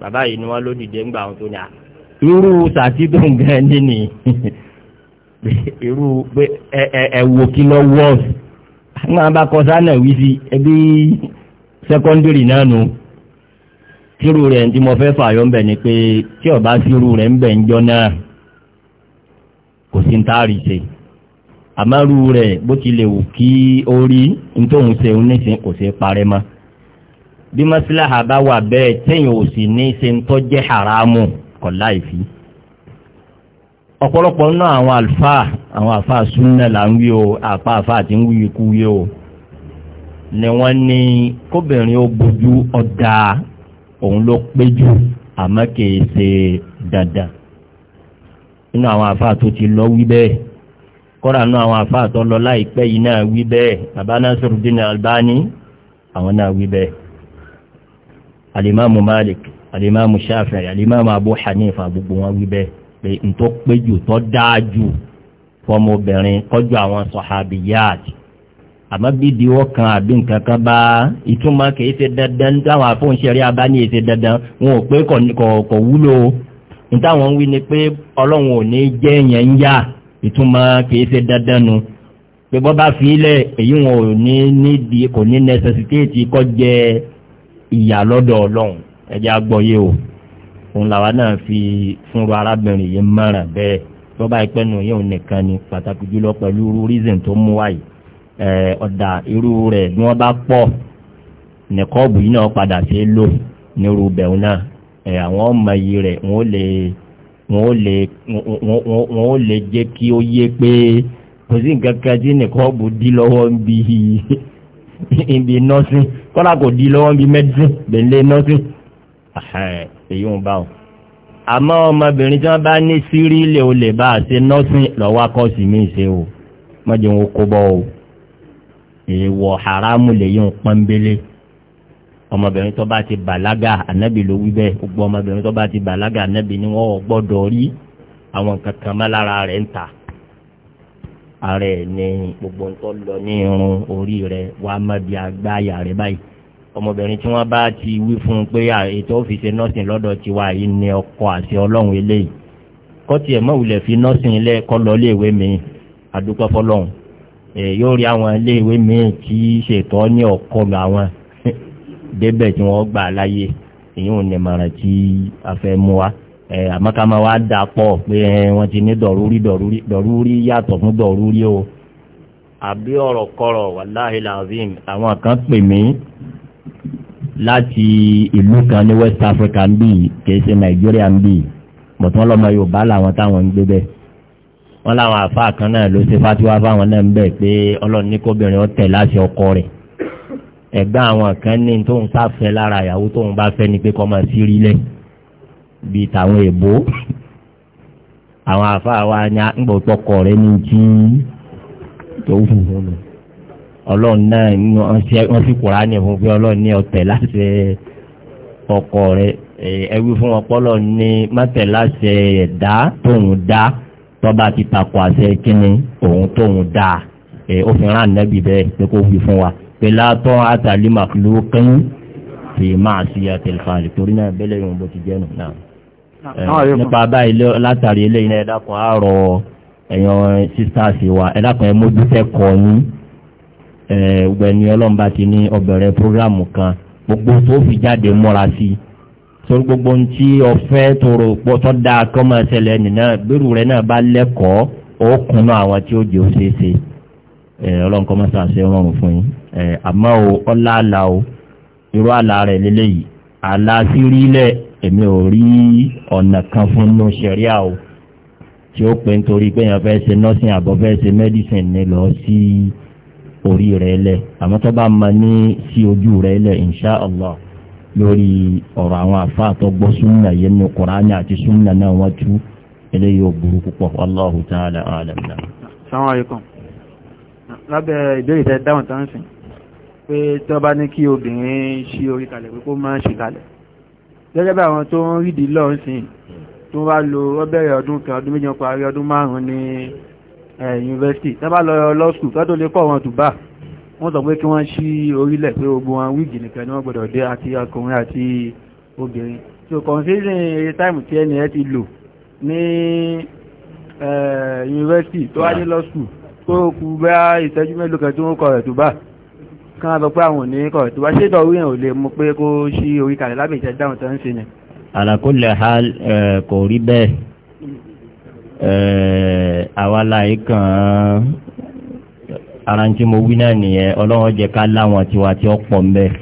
bàbá yìí ni wọ́n ló dìde ńgbà àwọn tó ní à. irú sàtìdùn gan ni ni irú pé ẹ ẹ ẹ wò kí lọ wọ́ọ̀sì. àwọn abakọ̀sá náà wí sí ẹbí sẹ́kọ́ndìrì náà nù. tírú rẹ̀ tí mo fẹ́ fààyọ́ ńbẹ̀ ni pé tí ọba tírú rẹ̀ ńbẹ̀ ńjọ́ náà kò sí ń tá a rí ṣe. àmárù rẹ̀ bó ti lè wù kí ó rí nítòhún ṣe ń nísìn kò ṣe parẹ́ mọ́ bí mọ́síláhà bá wà bẹ́ẹ̀ téèyàn ò sì ní ṣe ń tọ́jẹ́ haramu kọ̀ láìfi ọ̀pọ̀lọpọ̀ nínú àwọn àlùfáà àwọn àfáà súnnà là ń wí o àpá àfáà ti ń wí ikú wí o ni wọ́n ní kóbìnrin ó bójú ọ̀dà òun ló pé jù àmọ́ kìí ṣe dandan nínú àwọn àfáà tó ti lọ wí bẹ́ẹ̀ kọ́ra nu àwọn àfa àtọ́lọ láìpẹ́ yìí náà wí bẹ́ẹ̀ bàbá Nasiruddin Albani àwọn náà wí bẹ́ẹ̀ alimamu Malik alimamu Shafi'i alimamu Abu Hanifa gbogbo wọn wí bẹ́ẹ̀ pé n tó péjù tó dáa jù fọmọbìnrin kọjú àwọn sahabiyat àmọ́ bí diwọ́ kan àbí nǹkan kan bá ìtumọ̀ kìí ṣe dandan táwọn afọ́nṣẹ́rí abá ní èsè dandan wọn ò pé kò wúlò nítawọn ń wí ni pé ọlọ́run ò ní jẹ́ yẹn ń yá ìtumọ̀ kìí ṣe dandanu pé bọ́ bá fi ilẹ̀ èyí wọn ò ní nídìí kò ní nẹsẹsitéètì kọ́ jẹ ìyà lọ́dọ̀ ọlọ́run ẹja gbọ́yé o òun làwa náà fi fúnra arábìnrin yìí mọ̀ràn bẹ́ẹ̀ tó bá ipẹ́ nù yóò nìkan ni pàtàkì jùlọ pẹ̀lú irú reason tó mú wáyé ọ̀dà irú rẹ̀ bí wọ́n bá pọ̀ nìkọ́ọ̀bù yìí náà padà sí lò nírú bẹ̀rù náà àwọn ọmọ yìí rẹ̀ wọ́n lè wọn ó lè jẹ́ kí ó yé pé kò sí nǹkan kan tí nìkan bò dí lọ́wọ́ ń bi ibi nọ́ọ̀sìn kọ́lá kò dí lọ́wọ́ ń bi mẹ́dísìn bẹ̀lẹ́ nọ́ọ̀sìn èyí ń bá wọn. àmọ́ ọmọbìnrin tí wọ́n bá ní sírílẹ̀ olè bá a ṣe nọ́ọ̀sìn lọ́wọ́ akọ́sì mí ṣe o mọ́jọ́ wọn kó bọ́ o èèwọ̀ haramu lèyí ń pọ́nbélé ọmọbìnrin tó bá ti bàlágà ànábì ló wí bẹ́ẹ̀ gbogbo ọmọbìnrin tó bá ti bàlágà ànábì ni wọ́n gbọ́dọ̀ rí àwọn nǹkan kan má lára rẹ̀ ń ta ara ẹ̀ ní gbogbo nǹkan lọ ní irun orí rẹ̀ wàá má bí agbáyà rẹ̀ báyìí ọmọbìnrin tí wọ́n bá ti wí fún un pé ètò ọ́fíìsì nọ́ọ̀sìn lọ́dọ̀ tiwa yìí ni ọkọ̀ àti ọlọ́run eléyìí kọ́tì ẹ̀ mọ̀wulẹ̀ fi nọ́ọ̀sìn ilé ẹ̀kọ́ lọ iléèwé mi àdúgbò fọlọ́run yóò rí àwọn iléèwé mi kì í ṣètọ́ ní ọ̀kọ́ lu àwọn débẹ̀ tí wọ́n gbà láyé èyí ò ní mọ̀ràn tí a fẹ́ mú wa àmọ́kàmọ́ wa dà pọ̀ pé wọ́n ti ní dọ̀rúrí dọ̀rúrí dọ̀rúrí yàtọ̀ fún dọ̀rúrí o àbí ọ̀rọ̀ kọ̀rọ̀ wàláhì làzim àwọn kan pè mí láti ìlú kan ní west africa ń bì kì í ṣe nàìjíríà ń bì bọ̀tún ọlọ́mọ yorùbá làwọn táwọn ń gbé bẹ́ẹ̀ wọ́n láwọn àfa kan náà ló ṣe fatiwa fáwọn náà ń bẹ̀ pé ọlọ́run ní kóbìnrin ọ̀tẹ̀ láti ọkọ rẹ̀ ẹ̀gbọ́n àwọn kan ní tóun sáfẹ́ lára ìyàwó tóun bá fẹ́ ni pé kọ́ máa sí rí lẹ̀ bíi tàwọn èbó àwọn àfáà wa ni àgbò tọkọ rẹ ní jí tó wù wọn lọ ọlọ́run náà wọ́n sì kúra ní ìfún pé ọlọ́run ní ọ̀tẹ̀ láṣẹ ọkọ rẹ ẹwí fún ọpọlọ ní mọ́tẹ̀ láṣẹ ẹ̀dá tóun dá tọ́ba ti takò àṣẹ kínní òun tóun dá òfin rán nẹ́bí bẹ́ẹ̀ pé kó wí fún wa pẹ̀látọ́ àtàlímà ló kán fi máa sí àtẹ̀lẹ̀fààlì torí náà bẹ́lẹ̀ yóò bó ti jẹ́nu náà eh, nípa báyìí látàrí eléyìí náà ẹ̀dàkùn àárọ̀ ẹ̀yàn sisters wa ẹ̀dàkùn ẹ̀ mójútẹ́ kọ́ yín eh, gbẹ̀ni ọlọ́mba ti ní ọbẹ̀rẹ̀ prógrámù kan gbogbo tó fi jáde mọ́ra sí i torí gbogbo ń tí ọ̀fẹ́ tòrò pọ́tọ́ dáa kọ́mọ̀ ẹ̀sẹ̀ lẹ́nu náà gbèrú rẹ̀ náà bá lẹ́kọ̀ọ́ ó kùnà àwọn tí ó jẹ́ òṣèṣe. Eh, ọlọ́run kọ́ mọ́sá ṣe rọrùn fún yín eh, àmọ́ o ọlá o irú àlà rẹ̀ lélẹ́yìí àlà sírí lẹ̀ èmi ò rí ọ̀nà kan fún inú o tí ó pè nítorí pé èèyàn fẹ́ ṣe nọ́ọ̀sìn àbọ̀ fẹ́ ṣe ni lọ sí orí rẹ̀ lẹ̀ àmọ́ tó bá mọ ní sí ojú rẹ̀ lẹ̀ insha allah lórí ọ̀rọ̀ àwọn àfáà tó gbọ́ súnà yẹn nu kùránì àti náà wọ́n tú eléyìí ò ta'ala a'lam. lábẹ́ ìbéèrè tẹ́ dáhùn tán sìn pé tí bá ní kí obìnrin ṣí orí kalẹ̀ pé kó máa ṣì kalẹ̀ gẹ́gẹ́ bí àwọn tó ń rídìí lọ sìn tó wá lo ó ọdún kan ọdún méjì parí ọdún márùn-ún ní yunifásitì tí bá lọ law school tó lè kọ́ wọn tùbá wọ́n tó kú bá ìtẹ́jú mélòó kan tí wọ́n kọ̀ rẹ̀ tó bá kan lọ pé àwọn òní tó bá ṣé ìdọ̀wé yẹn ò lè mú pé kó ṣí orí kalẹ̀ lábẹ́ ìjẹ́ tó ń ṣe ni. àlàkólẹ̀ ha kò rí bẹ́ẹ̀ àwa láì kàn án ara tí mo wí náà nìyẹn ọlọ́run jẹ́ ká láwọn tiwa tí ó pọ̀ ń bẹ́ẹ̀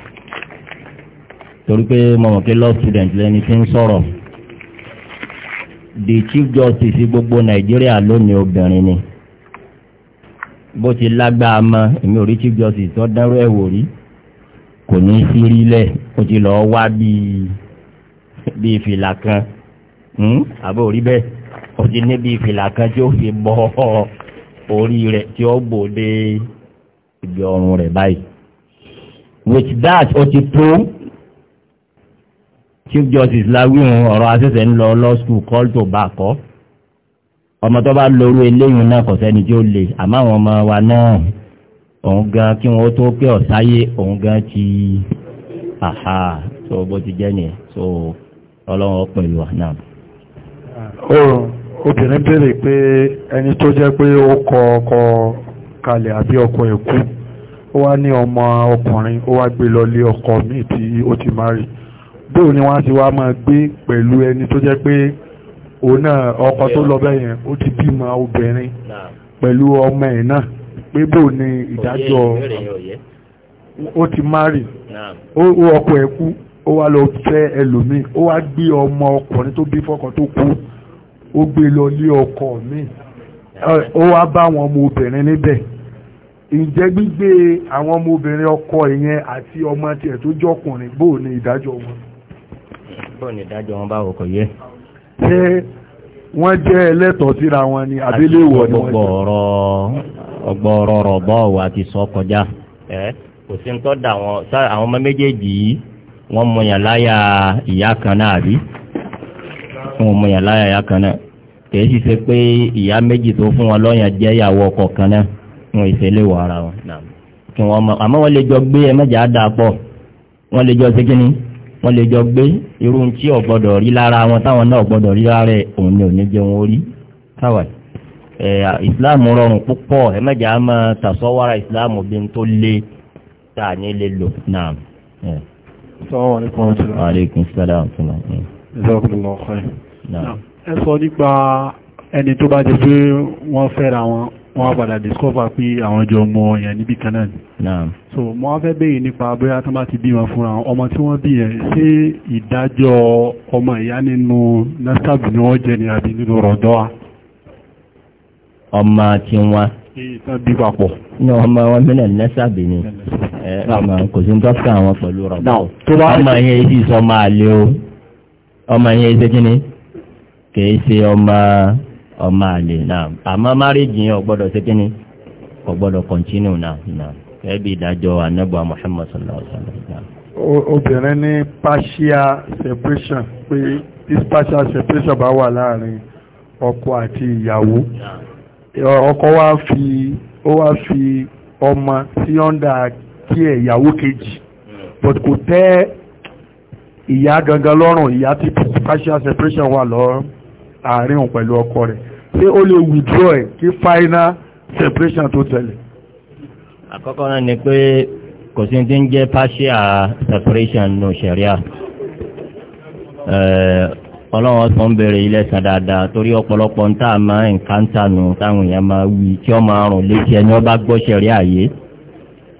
torí pé mọ̀mọ́ kí love student lẹni tí ń sọ̀rọ̀ the chief justice gbogbo nàìjíríà lónìí obìnrin ni bó ti lágbàá mọ èmi ò rí chief justice tó dárú ẹ̀ wò rí kò ní í sí rí lẹ̀ ó ti lọ́ọ́ wá bíi bíi fìlà kan hmm? àbí orí bẹ́ẹ̀ ó ti ní bíi fìlà kan tí ó fi bọ́ orí rẹ̀ tí ó bò dé ibi ọrùn rẹ̀ báyìí with that ó ti tó chief justice láwí ọ̀rọ̀ asẹ́sẹ̀ ń lọ law school call to back off ọmọ tó bá lóru eléyìn náà kò sẹ́ni tí ó lè àmọ́ àwọn ọmọ wa náà òun gan kí wọ́n tó pé ọ̀sáyé òun gan ti àhà tó bó ti jẹ́ nìyẹn tó ọlọ́run pẹ̀lú wa obìnrin béèrè pé ẹni tó jẹ́ pé ó kọ ọkọ kalẹ̀ àbí ọkọ ẹ̀ ó wá ní ọmọ ọkùnrin ó wá gbé lọ lé ọkọ míì tí ó ti má rí bóun ni wọ́n á ti wá máa gbé pẹ̀lú ẹni tó jẹ́ pé òun náà ọkọ tó lọ bẹ́ẹ̀ yẹn ó ti bímọ obìnrin pẹ̀lú ọmọ ẹ̀ náà pé bò ní ìdájọ́ ó ti márì ó ọkọ ẹ̀ kú ó wá lọ fẹ́ ẹlòmíì ó wá gbé ọmọ ọkùnrin tó bí fọ́kọ tó kú ó gbé lọ lé ọkọ mi ó wá bá àwọn ọmọ obìnrin níbẹ̀ ǹjẹ́ gbígbé àwọn ọmọ obìnrin ọkọ ìyẹn àti ọmọ tiẹ̀ tó jọkùnrin bò ní ìdájọ́ wọn. bò ní ìdájọ́ wọn báwo kò yẹ. ṣé wọ́n jẹ́ ẹlẹ́tọ̀ọ́ síra wọn ni àbílẹ̀ ìwọ̀ ni wọ́n jẹ́. ọgbọ̀ọ̀rọ̀ rọ̀bọ̀ wa ti sọ kọjá kò sí ń tọ́ da wọn àwọn ọmọ méjèèjì yìí wọ́n mọ yàn láyà ìyá kan náà àbí wọ́n mọ yàn láyà ìyá kan náà kì í sì ṣe pé ìyá méjì tó fún wọn lọ́yàn jẹ́ ìyàwó ọkọ kan náà wọn ìṣẹ̀lẹ̀ wọ ara wọn wọ́n mọ àmọ́ wọ́n lè jọ gbé ẹmẹ́jà dà pọ̀ wọ́n lè jọ ṣe kí wọ́n lè jọ gbé irú tí ò gbọ́dọ̀ rí lára wọn táwọn náà gbọ́dọ̀ rí lára òun ni ò jẹun orí káwà islam rọrùn púpọ̀ ẹ mẹ́jà á máa tàṣọ́wára islam bí n tó lé tá a ní lè lò náà. sọ́wọ́n wà ní kọ́ńtà. aleykum salaam tuma. ẹ sọ nípa ẹni tó bá jẹ pé wọ́n fẹ́ra wọn wọ́n á padà discover pé àwọn jọ mọ èèyàn níbí kan náà ni. so mo wá fẹ́ béèrè nípa bóyá tó bá ti bímọ fúnra wọn ọmọ tí wọ́n bí yẹn ṣé ìdájọ́ ọmọ ìyá nínú nasab ni wọ́n jẹ ní àbí nínú rọ̀dọ́ wa. ọmọ tí wọn. ìtàn bí papọ̀. ní ọmọ wọn mílẹ̀ nasab ni ọmọ kò sí dókítà wọn pẹ̀lú rọ̀dọ́. ọmọ yẹn èyí sọ máa lé o ọmọ yẹn èyí ṣe kí ni kì í ṣe ọmọ ọmọ àlè náà àmọ́ márìjì yẹn ọgbọ́dọ̀ ṣe kíni ọgbọ́dọ̀ kọ̀ntínú náà náà ẹbí ìdájọ́ anábọ̀ muhammad sallallahu alaihi wasallam. obìnrin ní partial separation pé this partial separation bá wà láàrin ọkọ àti ìyàwó ọkọ wa fi ó wá fi ọmọ sí ọ̀ndà kí ẹ̀ ìyàwó kejì but kò tẹ́ ìyá gangan lọ́rùn ìyá tí partial separation wà lọ́rùn àárín òun pẹ̀lú ọkọ rẹ̀ ṣé ó lè withdraw ẹ̀ kí final separation tó tẹ̀lé. àkọ́kọ́ náà ni pé kò sí ti ń jẹ́ partial separation nù sẹ̀ríà ọlọ́wọ́ sọ ń bèèrè ilẹ̀ sàn dáadáa torí ọ̀pọ̀lọpọ̀ ń tà máa ń káńtà nù táwọn èèyàn máa wí tí ọ máa rùn létí ẹni ọba gbọ́sẹ̀ rí àyè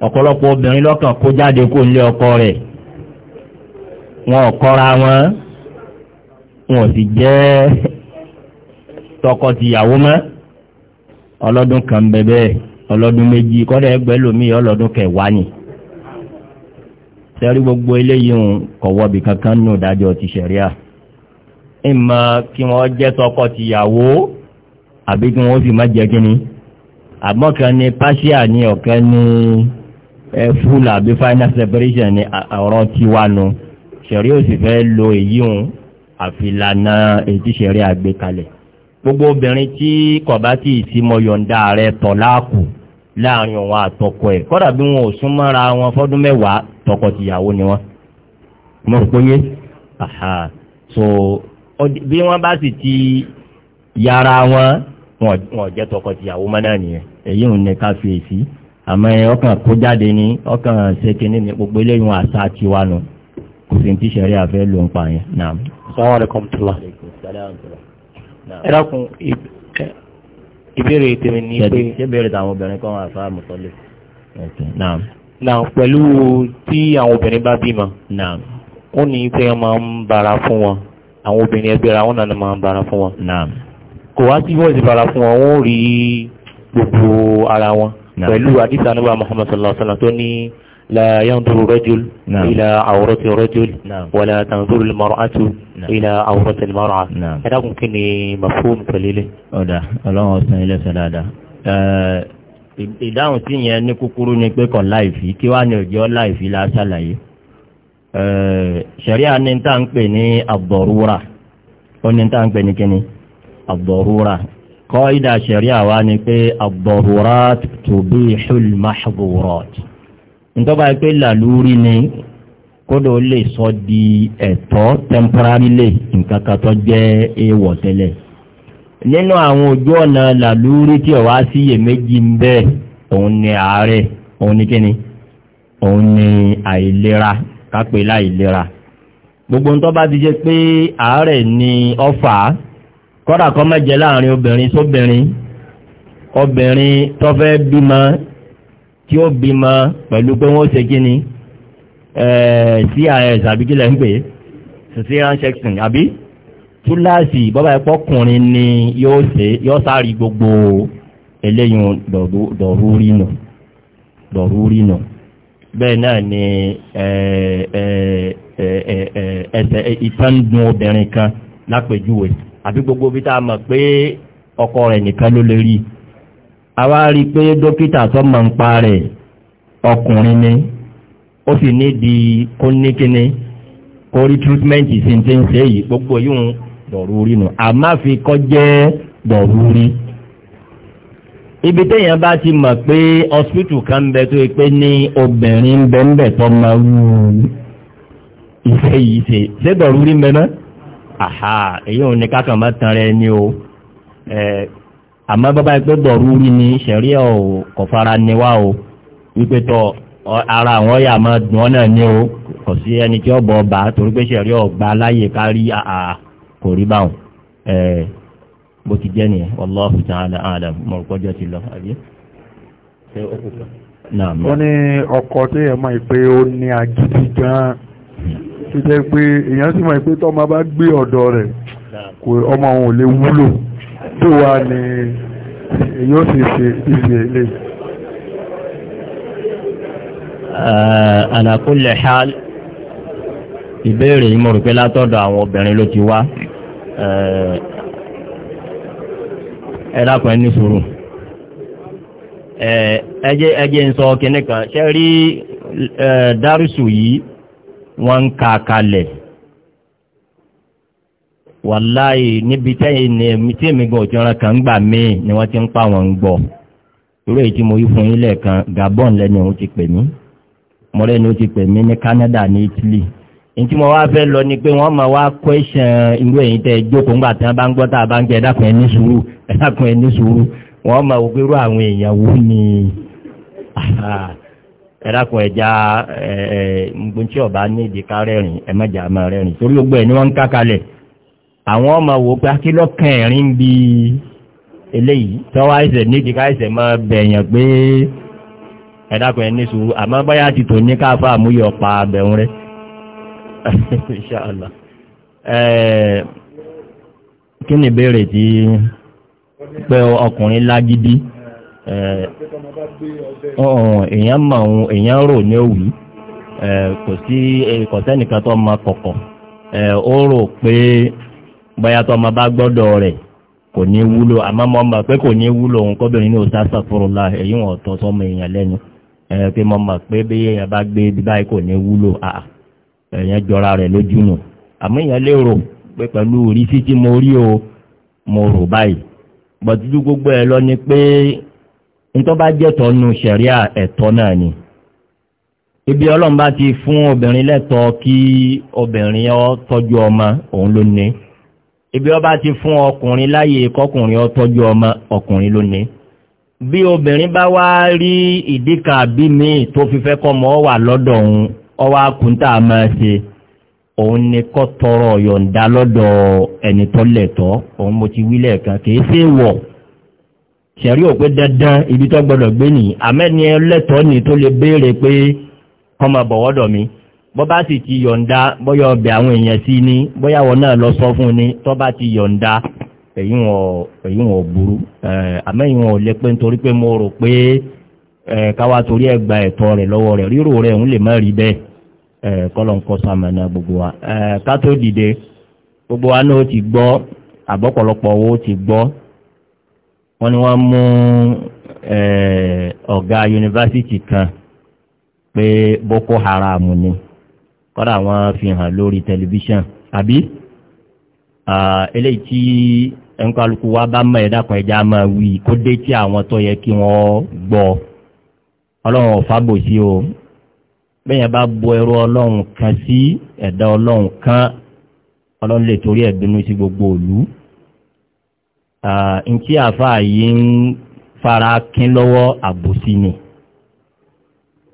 ọ̀pọ̀lọpọ̀ obìnrin lọ́kàn kó jáde kó lé ọkọ rẹ̀ wọn ò kọ́ra wọn wọn ò sì jẹ́ tọkọ-tìyàwó mọ́ ọlọ́dún kan bẹ̀bẹ̀ ọlọ́dún méjì kọ́dà ẹgbẹ́ lomi ọlọ́dún kẹwàá ni sẹ́rí gbogbo eléyìí ń kọ̀wọ́bì kankan nù dájọ́ ti ṣẹ̀ríà ìmọ̀ kí wọ́n jẹ́ tọkọ-tìyàwó àbí kí wọ́n fi má jẹ́ kínní àmọ́ kan ní pàṣíà ní ọ̀kan ní fúlà àbí final separation ní ọ̀rọ̀ tiwa nu ṣẹ̀rí ò sì fẹ́ lo èyí ń àfìlànà èyí tí ṣẹ̀rí àgbékalẹ̀ gbogbo obìnrin tí kọ̀bá tí ìsímọ̀ yọ̀ǹda rẹ̀ tọ̀ láàkù láàrin òun àtọkọ ẹ̀ kọ́dà bí wọn ò sún mọ́ra wọn fọ́dún mẹ́wàá tọkọ ni wọn. mo rò pé so bí wọ́n bá sì ti yára wọn wọn jẹ́ tọkọ-tìyàwó mọ́ náà nìyẹn èyí ò ní ká fi èsì àmọ́ ọkàn kó jáde ní ọkàn ṣèkínní ní gbogbo eléyìí wọn àṣà tiwa nù kò sì ń tíṣẹ̀rí àfẹ́ ló ń pa yẹn. sọ́wọ́n rẹ̀ kọ́mùtúlá ẹ dákun ìbéèrè tèmi ní pé. ṣé béèrè táwọn obìnrin kan wà fáwọn mùsọ̀lẹ̀. na pẹ̀lú tí àwọn obìnrin bá bímọ. ó ní pé wọ́n máa ń bara fún wọn àwọn obìnrin ẹgbẹ́ ra wọn náà máa ń bara fún wọn. kò wá sí bọ́ọ̀sì bara fún wọn wọ́n rí gbogbo ara wọn pẹ̀lú àdìsá nígbà Muhammad sallallahu alaihi wa sallam tó ní. لا ينظر رجل نعم. إلى عورة رجل نعم. ولا تنظر المرأة نعم. إلى عورة المرأة نعم. هذا ممكن مفهوم قليل أودا الله أسنى إلى سلادة ìdáhùn tí yẹn ní kúkúrú ni pé kọ̀ láìfí kí wá ní òjò láìfí la ṣàlàyé eh, ṣẹ̀ríà ní tá ń pè ní àbọ̀rúra ó ní tá ń pè ní kíni àbọ̀rúra kọ́ ìdá ṣẹ̀ríà wá ni pé àbọ̀rúra tó bí ṣùlmáṣbùrọ̀tì ntọ́ba yìí pé làlúrí ni kódò lè sọ di ẹ̀tọ́ temporarily nǹkan kan tó jẹ́ èèwọ̀ tẹ́lẹ̀ nínú àwọn ojú ọ̀nà làlúrí tí ọ̀wá sí iyèméjì ń bẹ́ òun ni àárẹ̀ òun ni kíni òun ni àìlera kápẹ́ láìlera gbogbo ń tọ́ba ti jẹ́ pé àárẹ̀ ni ọ̀fà kọ́dà kọ́ mẹ́jẹ láàrin obìnrin sóbìnrin obìnrin tó bímọ tí ó bímọ pẹ̀lú pé wọ́n ṣe kíni eh, cis àbí kílẹ̀ ń pè cesarean section àbí túláàsì bọ́bá ẹ̀pọ́ kùnrin ni yóò ṣe yóò sáré gbogbo eléyìí dọ̀rúrí nù dọ̀rúrí nù bẹ́ẹ̀ náà ni eh, eh, ẹsẹ̀ ìtàndùn obìnrin kan lápèjúwe àbí gbogbo bí tá a mọ̀ pé ọkọ rẹ̀ nìkan ló lè rí i àwa rí i pé dókítà tó mọ̀ ń pa rẹ̀ ọkùnrin ni ó sì nídìí kó ní kíní kó rí tírítímẹ́ǹtì sí ti ń ṣe yìí gbogbo yóò dọ̀rúurí nù àmọ́ fi kọ́ jẹ́ dọ̀rúurí. ibi téèyàn bá ti mọ̀ pé hospital kan bẹ tó pé ní obìnrin ń bẹ ń bẹ tó máa wú iṣẹ́ yìí ṣe ṣé dọ̀rúurí ń bẹ àhà èyí ò ní kákan má tan rẹ o àmọ́ bàbá yìí pé dọ̀rú rí ni ṣẹ̀rí ọ̀ kò fara ni wá o wípé tọ ara àwọn ọ̀yà máa dùn ọ́ náà ni o kò sí ẹni tí ó bọ̀ ọba torí pé ṣẹ̀rí ọ̀ gba láyè kárí àà kò rí báwọn bó ti jẹ́ nìyẹn wàláhù ta'ala a'lam mọ̀ ọ̀pọ̀jọ́ ti lọ àbí. ó ní ọkọ̀ tó yẹ mọ́ pé ó ní agídí gan-an hmm. tó jẹ́ pé èèyàn sì mọ̀ pé tọ́mọ bá gbé ọ̀dọ̀ rẹ̀ ọmọ òun ò lè wúlò. tó wà ní yóò sì ṣe ìsì ilé ala kulli ìbéèrè yìí rò pé látọ̀dọ̀ àwọn obìnrin ló ti wá ẹ dákun sùúrù ẹjẹ́ ẹjẹ́ ń sọ kìnnìkan ṣe rí dárùsù yìí wọ́n ń ka kalẹ̀ wàláì níbi tẹ́yìn ní tí èmi kàn kan gbà míì ni wọ́n ti ń pa wọn ń gbọ́ irú èyí tí mo yí fún ilẹ̀ kan Gabon lẹ́ni ohun ti pè mí mọ́rẹ́ ni ó ti pè mí ní Canada ní Italy ní tí mo wá fẹ́ lọ ni pé wọ́n máa wá irú èyí tẹ́ jókòó ńgbà tí wọ́n bá ń gbọ́ tá a bá ń jẹ ẹ̀dàkùn ẹni sùúrù ẹ̀dàkùn wọ́n máa wò àwọn ọmọ wò pé akílọ́ kẹrin bí eléyìí tọ́wọ́ àìsẹ̀ nídìí káìsẹ̀ mọ́ bẹ̀yàn pé ẹ̀dàkùn ẹni sùúrù àmọ́ báyà ti tò ní káfà múyọ̀ pa abẹ̀hún rẹ̀ inṣàlá kí ni ìbéèrè tí pé ọkùnrin lágídí èèyàn mọ̀ ohun èèyàn rò ní òwì kò sí kọ̀sẹ́nìkan tó mọ kọ̀kọ̀ ó rò pé bóyá tó ọmọ bá gbọ́dọ̀ rẹ̀ kò ní wúlò àmọ́ mo mọ̀ pé kò ní wúlò òun kọ́bìnrin ní òsà sàfúrúlà èyí wọn tọ́ sọmọ èèyàn lẹ́nu ẹ̀yẹ pé mo mọ̀ pé bí èèyàn bá gbé ibi báyìí kò ní wúlò àà èèyàn jọra rẹ̀ lójú nù àmọ́ èèyàn lérò pé pẹ̀lú ìrísí tí mo rí o mo rò báyìí bọ̀dúdú gbogbo ẹ̀ lọ ni pé nítorí bá jẹ́ tọ́nu ṣẹ̀ríà ẹ̀tọ́ náà ni ibi ọlọ́run bá ti fún obìnrin lẹ́tọ̀ọ́ kí obìnrin ó tọ́jú ọmọ òun ló ní ibi ọba ti fún ọkùnrin láyé kọkùnrin ọtọ́jú ọmọ ọkùnrin lónìí bí obìnrin bá wá rí ìdíkà bí mi tó fi fẹ́ kọ́ mọ́ wà lọ́dọ̀ òun ọwá kúntà máa ṣe òun ni kọ́ tọrọ yọ̀ǹda lọ́dọ̀ ẹni tó lẹ̀tọ́ òun mo ti wílẹ̀ kan kìí ṣe wọ̀ ṣẹ̀rí ò pé dandan ibi tó gbọdọ̀ gbé nìyí àmẹ́ni ẹlẹ́tọ́ ni tó lè béèrè pé kọ́mọ bọ̀wọ́dọ̀ mi bọ́ bá sì ti yọ̀ǹda bọ́yọ̀ ọbẹ̀ àwọn èèyàn sí ní bọ́yàwọ̀ náà lọ sọ fún ni tọba ti yọ̀ǹda èyí wọn burú àmọ́ èyí pé nítorí pé mo rò pé káwá torí ẹ̀tọ́ rẹ̀ lọ́wọ́ rẹ̀ rírò rẹ̀ ń lè má rí gbogbo wa ká tó gbogbo wa náà ti gbọ́ àbọ̀pọ̀lọpọ̀ owó ti gbọ́ wọ́n wọ́n mú boko haram ni. kọ́dà wọn fi hàn lórí tẹlifíṣàn àbí eléyìí tí ẹnkọ́lùkù wa bá mọ̀ ẹ̀dá kan ẹja máa wí kó dé tí àwọn tó yẹ kí wọ́n gbọ́ ọlọ́run ọ̀fà bò sí o bẹ́yẹn bá bo ẹrú ọlọ́run kan sí ẹ̀dá ọlọ́run kan ọlọ́run lè torí ẹ̀dùnú sí gbogbo òlú ntí àfáà yìí ń fara kín lọ́wọ́ àbòsí ni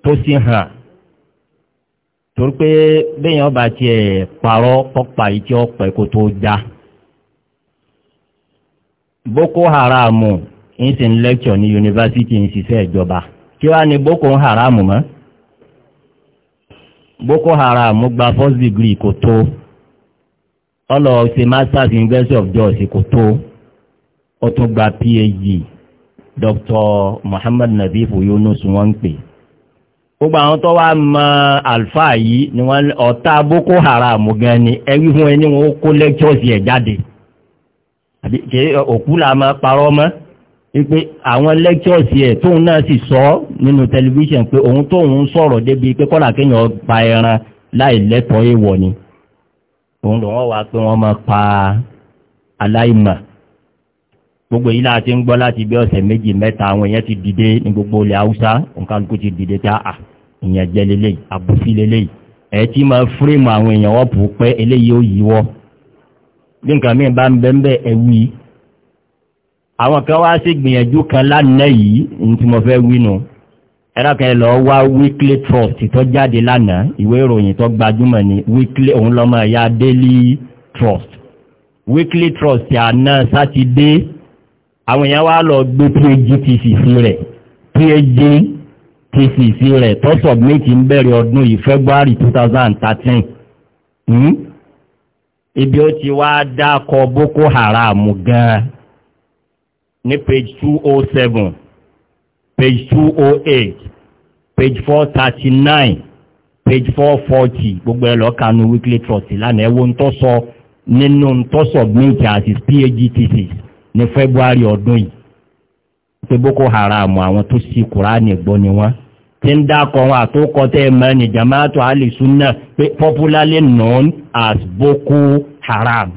tó sì hàn torí pé bẹ́yìn ọba tiẹ̀ parọ́ pọ́pà yìí tí ó tó já boko haram ń sì ń lẹ́kṣọ̀ ní yunifásitì ń ṣiṣẹ́ ìjọba kí wá ní boko haram mọ́ boko haram gba first degree kò tó ọlọ ṣe masters in university of jos kò tó ó tún gba phd dr muhammad nabif yunus wọ́n ń pè é gbogbo àwọn tó wá mọ àlùfáà yìí ni wọ́n ọ̀tá boko haram gan ni ẹ̀rí fún ẹni wọn ó kó lẹ́kṣọ́ọ̀sì ẹ̀ jáde àbí kí òkú là máa parọ́ mọ́ pé àwọn lẹ́kṣọ́ọ̀sì ẹ̀ tóun náà sì sọ nínú tẹlifíṣàn pé òun tóun sọ̀rọ̀ débi pé kọ́là kéèyàn pa ẹran láì lẹ́tọ̀ọ́ èèwọ̀ ni òun lòun wá pé wọ́n máa pa aláìmọ̀ gbogbo yìí láti ń gbọ́ láti bí ọ̀sẹ̀ méjì mẹ́ta àwọn èèyàn ti dìde ní gbogbo ilẹ̀ haúsá nǹkan kó ti dìde tá a ìyẹn jẹ́ lélẹ́yìí àbùsí lélẹ́yìí ẹ̀ tí máa fúrémù àwọn èèyàn wọ́n pò pé eléyìí ó yíwọ́ bí nǹkan mìíràn bá ń bẹ́ ń bẹ́ ẹ̀wí àwọn kan wá sí gbìyànjú kan lánàá yìí ní tí mo fẹ́ wí nu ẹ̀rọ̀kan ẹ̀ lọ wá weekly trust tó jáde lánàá ìwé ìròyìn tó gbajúmọ̀ ni weekly òun lọ́mọ ẹ̀yà daily trust weekly trust àná sátidé àwọn èèyàn wá lọ gbé phgtc sí rẹ̀ phg thesis rẹ̀ tó submit ń bẹ̀rẹ̀ ọdún yìí February 2013 hmm? ibi ó ti wá dákọ Boko Haram gan ní page 207 page 208 page 439 page 440 gbogbo ẹ̀ lọ́kànú weekly trust lánàá ẹ̀wọ̀n tó sọ nínú tó submit as his PhD thesis ní February ọdún yìí pé Boko Haram àwọn tó sí Kùránì gbọ́ ni wọ́n tí ń dákọ̀ wọn àtókọ tẹ́ mọ́ ní jamaatu alisunna popularly known as boko haram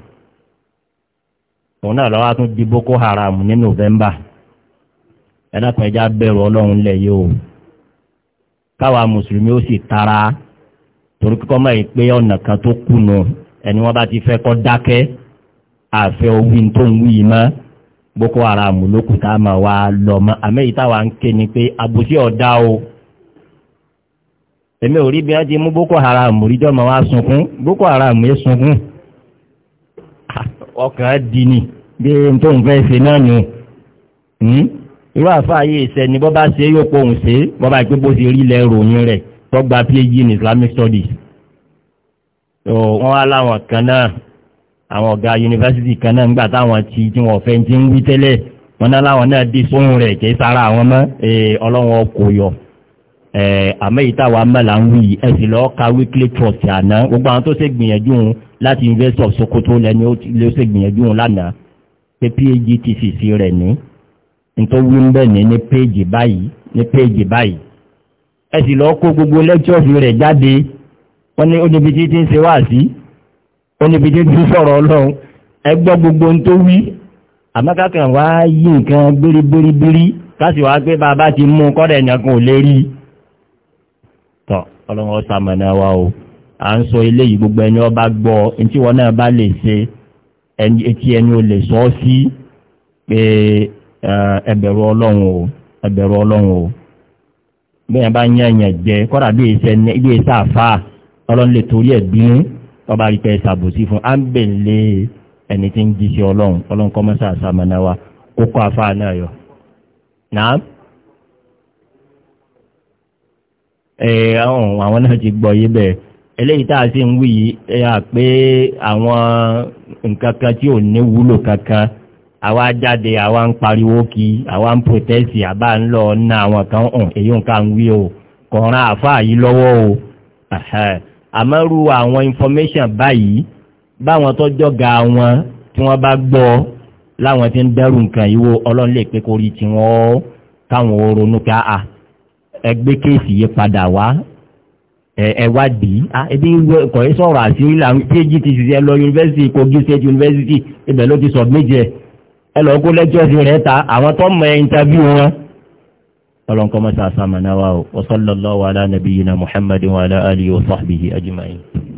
òun náà lọ́wọ́ tún di boko haram ní november ẹ̀dàkùn ẹja bẹ̀rù ọlọ́run lẹ̀ yìí o káwa mùsùlùmí ó sì tara torí kíkọ́ mọ́ ìpé ọ̀nà kan tó kùnà ẹni wọ́n bá ti fẹ́ kọ́ dákẹ́ àfẹ́ owin tó ń wí mọ́ boko haram lókùtà máa wá lọ mọ́ àmẹ́yìí táwa ń ké ni pé àbòsí ọ̀dá o èmi ò rí bí wọ́n ti mú boko haram ríjọ́ ma wá sunkún boko haram yé sunkún ọkàn di ni bí n tó ń fẹ́ ṣe náà nù hmm? irú àfáàyè ìṣẹ́ ni bọ́ bá ṣe yóò pohùn ṣe bọ́ bá gbé bó ṣe rí ilẹ̀ ròyìn rẹ̀ tó gba phd in islamic studies wọ́n wá láwọn kan náà àwọn ọ̀gá yunifásitì kan náà nígbà táwọn ti tí wọ́n fẹ́ ti ń wí tẹ́lẹ̀ wọ́n náà láwọn náà dé sóhun rẹ̀ kì í sára àwọn mọ́ ọlọ́wọ́n kò yọ àmẹ́yìítáwà mẹ́la ń wí ẹ̀sìn lọ́ọ́ ka weekly trust àná gbogbo àwọn tó ṣe gbìyànjú òun láti university of sokoto lẹ́ni ló ṣe gbìyànjú òun lánàá pé phd thesis rẹ̀ ní nítorí wí ń bẹ̀ ní ní péèjì báyìí ní péèjì báyìí ẹ̀sìn lọ́ọ́ kó gbogbo lectures rẹ̀ jáde wọ́n ní oníbi ti ń ṣe wá sí oníbi ti ń sọ̀rọ̀ ọlọ́run ẹ gbogbo tó wí àmọ́kàkàn wá yí nǹkan bíríbíríbírí káṣíwá pé bàbá ti mú kọ́dà kan ò lè tọ́ ọlọ́run ọ̀sà mọ̀nà wa o à ń sọ eléyìí gbogbo ẹni ọba gbọ́ etí wọn náà bá lè ṣe etí ẹni ò lè sọ ọ́ sí pé ẹbẹ̀rù ọlọ́run o ẹbẹ̀rù ọlọ́run o bẹ́ẹ̀ bá yàn yàn jẹ kọ́dà bí èsẹ̀ ilé iṣẹ́ àfà ọlọ́run lè torí ẹ̀ bínú ọba àríkẹ́ ṣàbòsí fún ámbẹ̀lẹ̀ ẹni tí ń jíṣẹ́ ọlọ́run ọlọ́run kọ́mọ́sà àṣàmọ̀nà wa kókó àfà náà yọ. nàá. àwọn náà ti gbọ́ yí bẹ́ẹ̀ eléyìí tá a ń wí yìí pé àwọn nǹkan tí ò ní wúlò kankan àwa jáde àwa ń pariwo kí àwa ń protẹ́sì àbá ń lọ ná àwọn kan hàn èyí nǹkan ń wí o kọ̀ọ̀ràn àfáà yìí lọ́wọ́ o àmọ́rú àwọn information báyìí báwọn tó jọ́ga wọn tí wọ́n bá gbọ́ láwọn ti ń dẹ́rù nǹkan yìí wo pé kórìí tí wọ́n káwọn ronú pé ẹgbẹ́ kéèsì yí padà wá ẹ̀wádìí ẹbí ah, kọ̀ ẹ́ sọ̀rọ̀ àti ìlà PhD ti ṣiṣẹ́ lọ yunifásitì Kogi State University ibẹ̀ ló ti sọ̀bí jẹ ẹ lọ kó lẹ́kítọ́sì rẹ̀ ta àwọn tó mọ ìntàbí wọn. ọlọ́run kọ́ mọ́sá sàmànáwá o wa sallallahu ala na Muhammadin wa ala alihi wa sahbihi ajma'in.